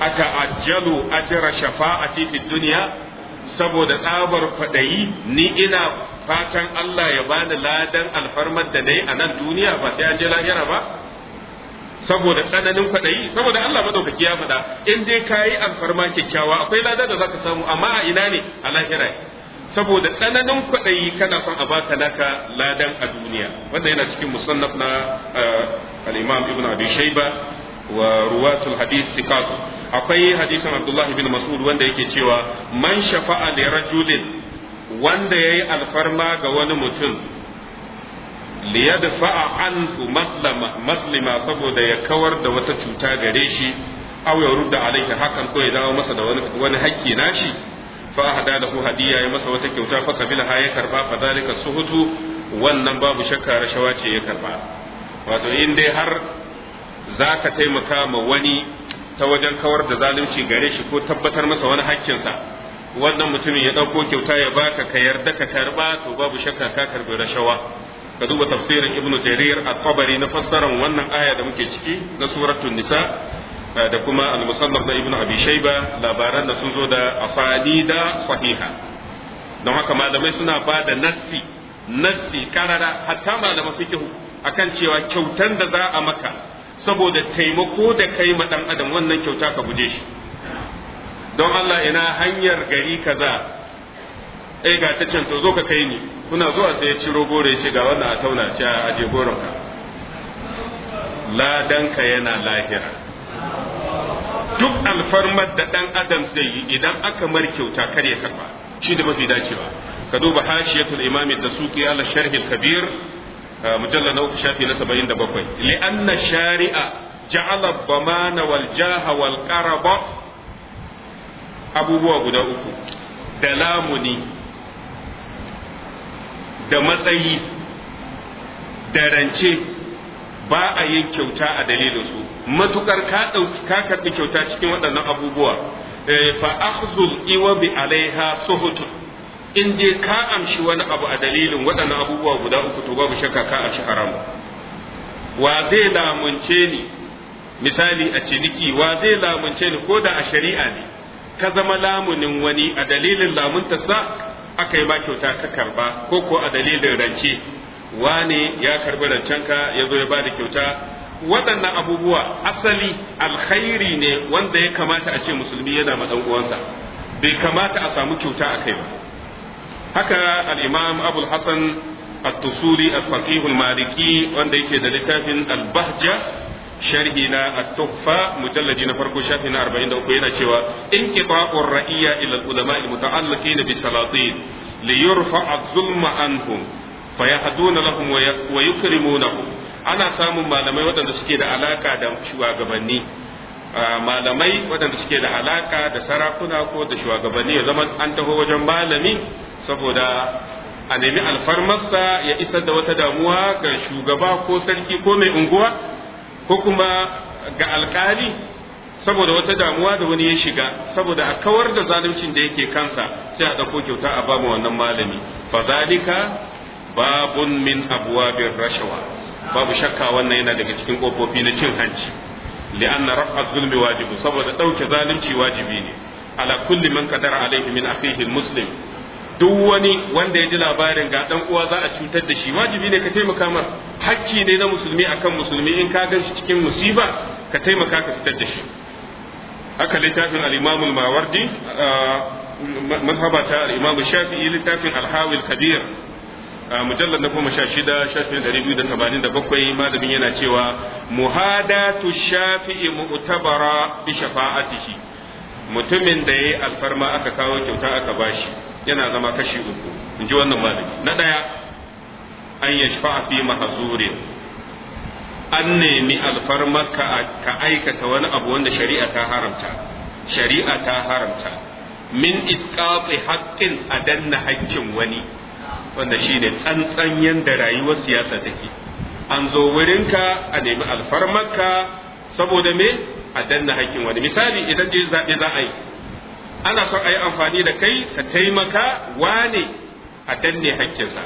[SPEAKER 1] ata ajjalu ajra shafa'ati fid dunya saboda tsabar kwaɗayi ni ina fatan Allah ya bani ladan alfarmar da na yi a nan duniya ba sai an je lahira ba saboda tsananin kwaɗayi saboda Allah maɗaukaki ya faɗa in dai kayi alfarma kyakkyawa akwai ladan da za ka samu amma a ina ne a lahira saboda tsananin kwaɗayi kana son a baka naka ladan a duniya wanda yana cikin musannaf na eh, al-Imam Ibn Abi Shayba wa ruwatul hadis sikat akwai hadisin abdullahi bin mas'ud wanda yake cewa man shafa'a li rajulin wanda yayi alfarma ga wani mutum li yadfa'a anhu maslama maslima saboda ya kawar da wata cuta gare shi aw ya rudda alaihi hakan ko ya dawo masa da wani wani hakki nashi fa hada da hadiya ya masa wata kyauta fa kabila ha ya karba fa dalika suhutu wannan babu shakka rashawa ce ya karba wato in dai har za ka taimaka ma wani ta wajen kawar da zalunci gare shi ko tabbatar masa wani hakkinsa wannan mutumin ya ɗauko kyauta ya baka ka yarda ka karɓa to babu shakka ka karɓi rashawa ka duba tafsirin ibnu jarir al tabari na fassarar wannan aya da muke ciki na suratul nisa eh, da kuma al-musannaf da ibnu abi shayba labaran da sun zo da da sahiha don haka malamai suna ba da nassi nassi karara hatta malaman fikihu akan cewa kyautan da za a maka saboda taimako da kai ma dan adam wannan kyauta ka buje shi don Allah ina hanyar gari kaza ai eh, ga ta can to zo ka kai ni kuna zuwa sai ya ciro gore ya ga wannan a tauna ci a aje goron ka ka yana lahira duk alfarmar da dan adam zai yi idan aka mar kyauta kar ya karba shi da mafi dacewa ka duba hashiyatul imami da suki ala sharhil kabir mujalla na uku shafi na saba'in da bakwai li'anna shari'a ja'ala bamana wal wal qaraba abubuwa guda uku da lamuni da matsayi da rance ba a yin kyauta a dalilin su matukar ka ka karbi kyauta cikin waɗannan abubuwa fa akhdhu iwabi alaiha suhutun in je ka amshi wani abu a dalilin waɗannan abubuwa guda uku to babu shakka ka amshi haramu wa zai lamunce ni misali a ciniki wa zai lamunce ni ko da a shari'a ne ka zama lamunin wani a dalilin lamuntarsa aka yi ba kyauta ka karba ko ko a dalilin rance wane ya karbi rancenka ya zo ya ba kyauta waɗannan abubuwa asali alkhairi ne wanda ya kamata a ce musulmi yana ma uwansa bai kamata a samu kyauta a kai ba haka al-imam abul hasan at-tusuli al-faqih al-maliki wanda yake da littafin al-bahja sharhi na at-tuhfa mujalladi na farko shafi na 43 yana cewa inqita'ur ra'iyya ila al-ulama al-muta'alliqin bi salatin li yurfa'a adh-dhulma anhum fayahduna lahum wa yukrimunahum ana samun malamai waɗanda suke da alaka da shugabanni malamai waɗanda suke da alaka da sarakuna ko da shugabanni ya zama an taho wajen malami saboda a nemi alfarmarsa ya isar da wata damuwa ga shugaba ko sarki ko mai unguwa ko kuma ga alkali saboda wata damuwa da wani ya shiga saboda a kawar da zaluncin da yake kansa sai a ɗauko kyauta a ba wannan malami fa zalika babun min abuwa bin rashawa babu shakka wannan yana daga cikin kofofi na cin hanci li'anna raf'a zulmi wajibu saboda ɗauke zalunci wajibi ne ala kulli man qadara alaihi min akhihi muslim duk wani wanda ya ji labarin ga dan uwa za a cutar da shi wajibi ne ka taimaka mar hakki ne na musulmi akan musulmi in ka gan shi cikin musiba ka taimaka ka fitar da shi haka littafin al-imam al-mawardi mazhabata al-imam shafi'i littafin al-hawi al-kabir mujallar na goma sha shida shafin ɗari biyu da tamanin da bakwai malamin yana cewa muhadatu shafi'i mu'tabara bi shafa'atihi mutumin da yayi alfarma aka kawo kyauta aka bashi yana zama kashi uku in ji wannan malami na ɗaya an yi yashfa'a fi mahzurin an nemi alfarma ka aikata wani abu wanda shari'a ta haramta shari'a ta haramta min isqati haqqin adanna haqqin wani wanda shi ne tsantsan yadda rayuwar siyasa take an zo wurinka a nemi alfarmarka saboda me a danna hakkin wani misali idan je zaɓe za a yi ana son a yi amfani da kai ka taimaka wane a danne hakkinsa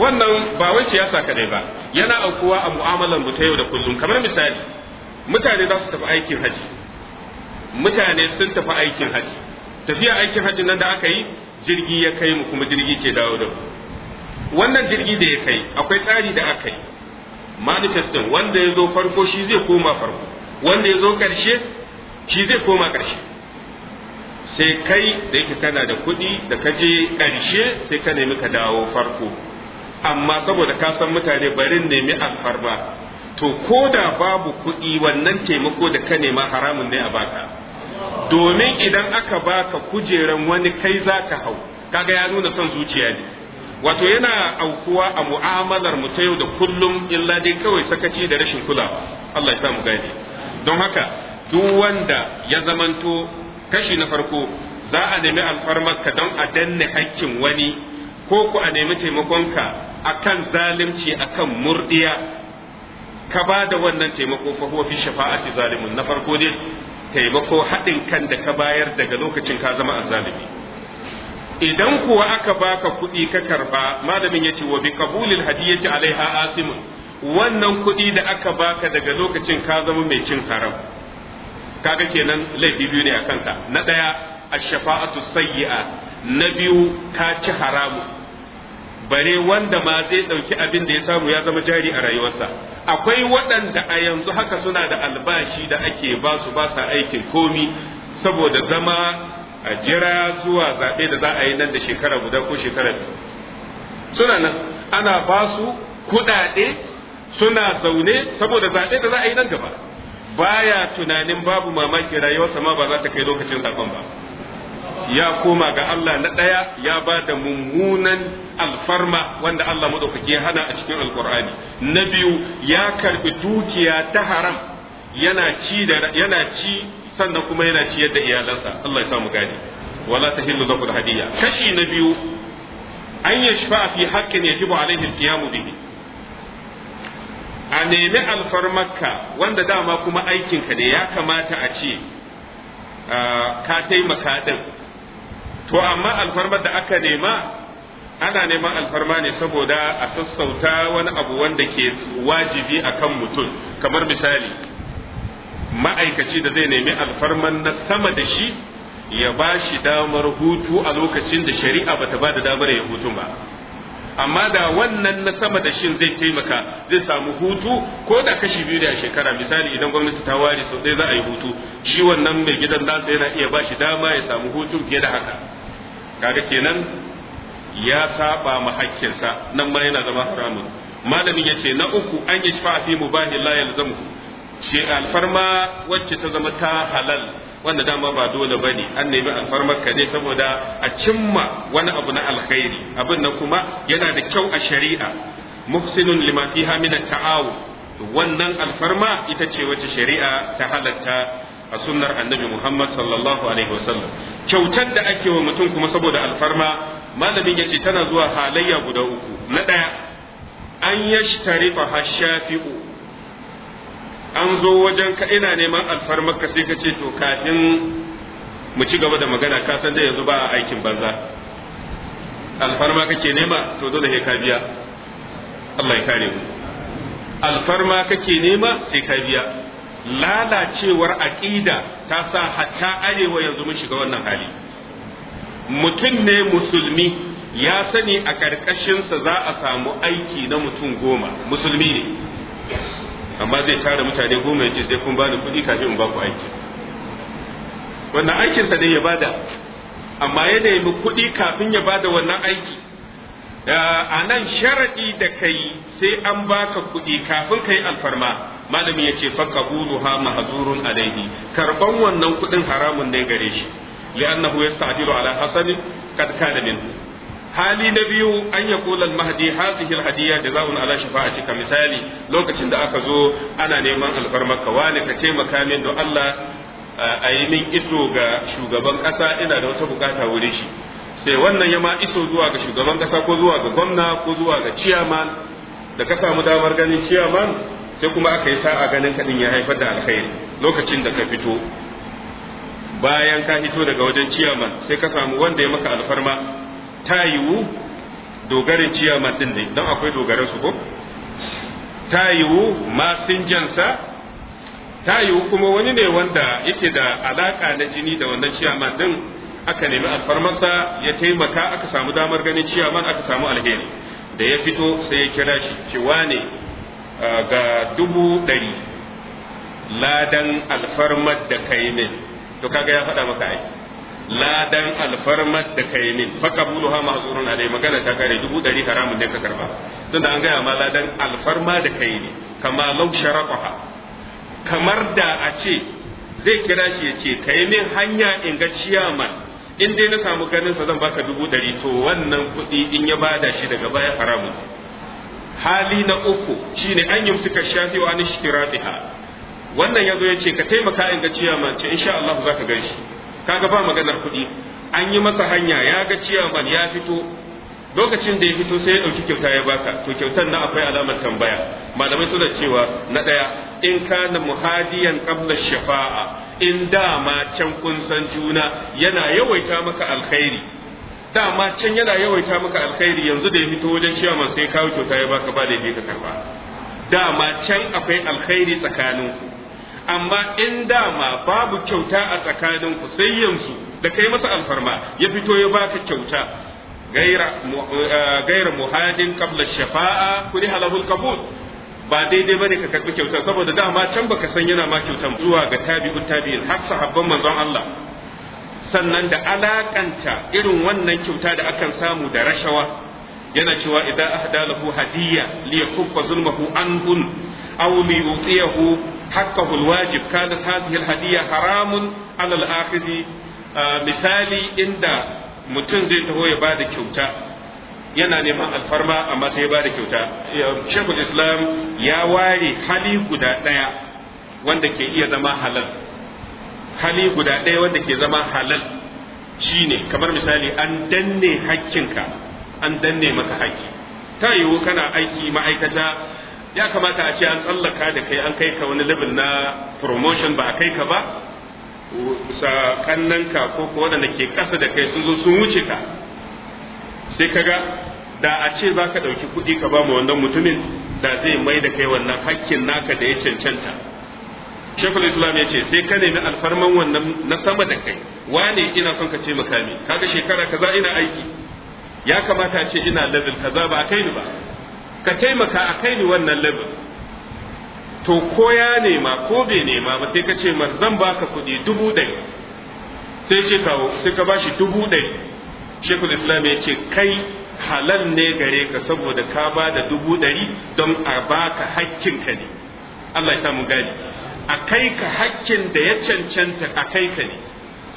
[SPEAKER 1] wannan ba wai siyasa kadai ba yana aukuwa a mu'amalar mu ta yau da kullum kamar misali mutane za su tafi aikin haji mutane sun tafi aikin haji tafiya aikin hajji nan da aka yi jirgi ya kai mu kuma jirgi ke dawo da wannan jirgi da ya kai akwai tsari da aka yi manifestin wanda ya zo farko shi zai koma farko wanda ya zo ƙarshe shi zai koma ƙarshe sai kai da yake kana da kuɗi da ka je ƙarshe sai ka nemi ka dawo farko amma saboda ka san mutane barin nemi alfarma to ko da babu kuɗi wannan taimako da ka nema haramun ne a baka domin idan aka baka kujeran wani kai za ka hau kaga ya nuna son zuciya ne wato yana aukuwa a mu'amalar mu ta yau da kullum illa dai kawai sakaci da rashin kula. Allah ya sa mu don haka duk wanda ya zamanto kashi na farko za a nemi alfarmarka don a danne hakkin wani ko ku a nemi taimakonka akan zalunci akan murdiya ka ba da wannan taimako fa huwa fi shafa'ati zalimun na farko dai taimako haɗin kan da ka bayar daga lokacin ka zama azzalimi idan kuwa aka baka kuɗi ka karba malamin yace wa bi qabulil hadiyati alaiha asimun wannan kuɗi da aka baka daga lokacin ka zama mai cin haram kaga kenan laifi biyu ne a kanka na ɗaya ash-shafa'atu sayyi'a na biyu ka ci haramu bare wanda ma zai ɗauki abin da ya samu ya zama jari a rayuwarsa akwai waɗanda a yanzu haka suna da albashi da ake ba su ba sa aikin komi saboda zama a jira zuwa zaɓe da za a yi nan da shekara guda ko shekara biyu suna nan ana ba su kuɗaɗe suna zaune saboda zaɓe da za a yi nan gaba baya tunanin babu mamaki rayuwarsa ma ba za ta kai lokacin zaɓen ba ya koma ga Allah na ɗaya ya ba da mummunan alfarma wanda Allah maɗaukaki ya hana a cikin alkur'ani na biyu ya karɓi dukiya ta haram yana ci da yana ci sannan kuma yana ciyar da iyalansa Allah ya samu gani wala tahillu da hadiya kashi na biyu an yashfa fi haqqin yajibu alaihi alqiyamu bihi a nemi alfarmarka wanda dama kuma aikinka ne ya kamata a ce ah, ka taimaka din to amma alfarma da aka nema ana neman alfarma ne saboda a sassauta wani abu wanda ke wajibi a kan mutum kamar misali ma'aikaci da zai nemi alfarman na sama da shi ya ba shi damar hutu a lokacin da shari'a bata ba da damar ya hutu ba amma da wannan na sama da shin zai taimaka zai samu hutu ko da kashi biyu da shekara misali idan gwamnati ta ware sau ɗaya za a yi hutu shi wannan mai gidan nasa yana iya ba shi dama ya samu hutu fiye da haka kaga kenan ya saba ma hakkinsa nan ma yana zama haramun malamin ya ce na uku an yi shafa fi mubahi la yalzamu shi alfarma wacce ta zama ta halal wanda dama ba dole ba ne an nemi alfarmar ka ne saboda a cimma wani abu na alkhairi abin nan kuma yana da kyau a shari'a muhsinun lima fiha min ta'awu wannan alfarma ita ce wacce shari'a ta halatta a sunnar annabi Muhammad sallallahu alaihi wasallam kyautar da ake wa mutum kuma saboda alfarma malamin yace tana zuwa halayya guda uku na daya an fa hashafi'u an zo wajen ka ina neman alfarmar ka sai ka ce to kafin mu ci gaba da magana ka san da yanzu ba a aikin banza alfarma kake nema to dole sai ka biya Allah ya kare mu alfarma kake nema sai ka biya lalacewar aƙida ta sa hatta arewa yanzu mun shiga wannan hali mutum ne musulmi ya sani a ƙarƙashinsa za a samu aiki na mutum goma musulmi ne amma zai tara mutane goma ya ce sai kun bani kuɗi kafin in ba ku aiki wannan aikinsa ne ya bada amma ya nemi kuɗi kafin ya bada wannan aiki Eh, a nan sharaɗi da kai sai an baka kuɗi kafin kai alfarma malami ya ce faka ha mahazurun alaihi karɓan wannan kuɗin haramun ne gare shi li'annahu yasta'dilu ala hasani kad kana min hali na biyu an ya kula mahdi hadhihi alhadiya za'un ala ka misali lokacin da aka zo ana neman alfarma ka wani ka taimaka min don Allah eh, a yi min ga shugaban ƙasa ina da wata bukata wurin shi sai wannan ya ma iso zuwa ga shugaban kasa ko zuwa ga gwamna ko zuwa ga ciyaman da ka samu damar ganin ciyaman sai kuma aka yi sa'a ganin kadin ya haifar da alkhairi lokacin da ka fito bayan ka fito daga wajen ciyaman sai ka samu wanda ya maka alfarma ta yiwu dogarin ciyaman din ne don akwai dogaran su ko ta yiwu masinjansa ta yiwu kuma wani ne wanda yake da alaka na jini da wannan ciyaman din aka nemi alfarmarsa ya taimaka aka samu damar ganin ciyaman aka samu alheri da ya fito sai ya kira shi cewa ne ga dubu ɗari ladan alfarmar da ka yi min to kaga ya faɗa maka ai ladan alfarmar da ka yi min faka bulu ha mahzurun alai magana ta kare dubu ɗari haramun ne ka karba tunda an gaya ma ladan alfarma da ka yi ne kama lau sharaqaha kamar da a ce zai kira shi ya ce ka yi min hanya in ga ciyaman in dai na samu ganin sa zan baka dubu dari to wannan kuɗi in ya bada shi daga baya haramun hali na uku shine an yi suka shafi wa ni shiratiha wannan yazo ya ce ka taimaka in ga ciyaman ce insha Allah za ka gan shi kaga ba maganar kuɗi an yi masa hanya ya ga ciyaman ya fito lokacin da ya fito sai ya ɗauki kyauta ya baka to kyautar na akwai alamar tambaya malamai suna cewa na ɗaya in kana muhadiyan qabla shafa'a in dama can kun san juna yana yawaita maka alkhairi dama can yana yawaita maka alkhairi yanzu da ya fito wajen man sai kawo kyauta ya baka ba laifi ka karba dama can akwai alkhairi tsakaninku amma in dama babu kyauta a tsakaninku sai yanzu da kai masa alfarma ya fito ya baka kyauta gaira eh, muhadin qabla shafa'a kuri halahul kabul ba daidai bane ka karbi kyauta saboda dama can baka san yana ma kyautan zuwa ga tabi'un tabi'in har sahabban manzon Allah sannan da alakanta irin wannan kyauta da akan samu da rashawa yana cewa idan ahda lahu hadiyya li yakuffa zulmahu anhun aw li yutiyahu haqqahu alwajib kanat hadhihi alhadiyya haramun ala al ah, misali inda mutum zai taho ya bada kyauta yana neman alfarma amma sai ba da kyauta shekul islam ya ware hali guda ɗaya wanda ke iya zama halal hali guda ɗaya wanda ke zama halal shi ne. kamar misali an danne hakkinka an danne maka haƙƙi. ta yiwu kana aiki ma'aikata ya kamata a ce an tsallaka da kai an kai ka wani labin na promotion ba a kai ka ba kannanka ko kuwa da ke ƙasa da kai sun zo sun wuce ka sai kaga da a ce ba ka ɗauki kuɗi ka ba mu wannan mutumin da zai mai da kai wannan hakkin naka da ya cancanta shekul islam ya ce sai ka nemi alfarman wannan na sama da kai wane ina son ka ce makami kaga shekara kaza ina aiki ya kamata a ce ina level kaza ba a kai ni ba ka taimaka a kai ni wannan level to ko ya nema ko bai nema ba sai ka ce mar zan baka kuɗi dubu ɗari sai ce kawo sai ka bashi dubu ɗari shekul islam ya ce kai halal ne gare ka saboda ka ba da dubu ɗari don a baka hakkin ka ne Allah ya samu gani a kai ka hakkin da ya cancanta a kai ka ne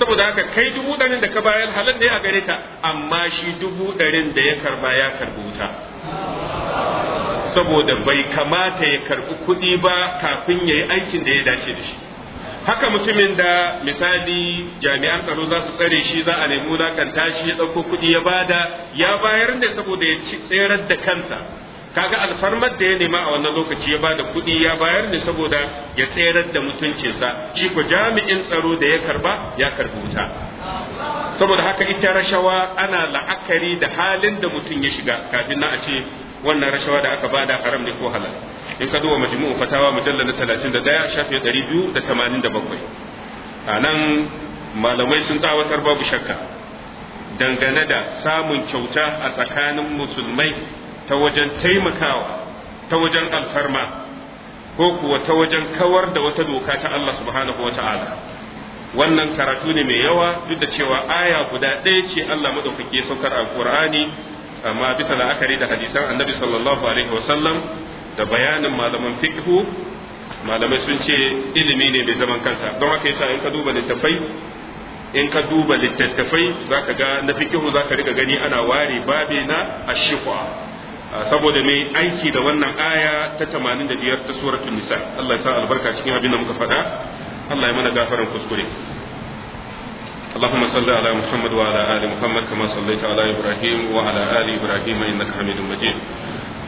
[SPEAKER 1] saboda haka kai dubu ɗarin da ka bayar halal ne a gare ka amma shi dubu ɗarin da ya karba ya karbi wuta saboda bai kamata ya karbi kuɗi ba kafin ya yi aikin da ya dace da shi haka mutumin da misali jami'an tsaro za su tsare shi za a nemi wulakanta shi ya ɗauko kuɗi ya bada ya bayar ne saboda ya ci tserar da kansa kaga alfarmar da ya nema a wannan lokaci ya bada kuɗi ya bayar ne saboda ya tserar da mutuncinsa shi ko jami'in tsaro da ya karba ya karbi wuta saboda haka ita rashawa ana la'akari da halin da mutum ya shiga kafin na a ce wannan rashawa da aka bada haram ne ko halal in ka duba majmu'u fatawa mujallal na 31 shafi 287 a nan malamai sun tsawatar babu shakka dangane da samun kyauta a tsakanin musulmai ta wajen taimakawa ta wajen alfarma ko kuwa ta wajen kawar da wata doka ta Allah subhanahu wata'ala wannan karatu ne mai yawa duk da cewa aya guda ɗaya ce Allah madaukake saukar a Qur'ani amma bisa la'akari da hadisan Annabi sallallahu alaihi wasallam da bayanin malaman fiqhu malamai sun ce ilimi ne bai zaman kansa don haka yasa in ka duba littafai in ka duba littattafai zaka ga na fikihu zaka riga gani ana ware babe na ashifa ah, saboda mai aiki da wannan aya ta 85 ta suratul nisa Allah ya sa albarka cikin abin da muka faɗa Allah ya mana gafaran kuskure اللهم صل على محمد وعلى آل محمد كما صليت على إبراهيم وعلى آل إبراهيم إنك حميد مجيد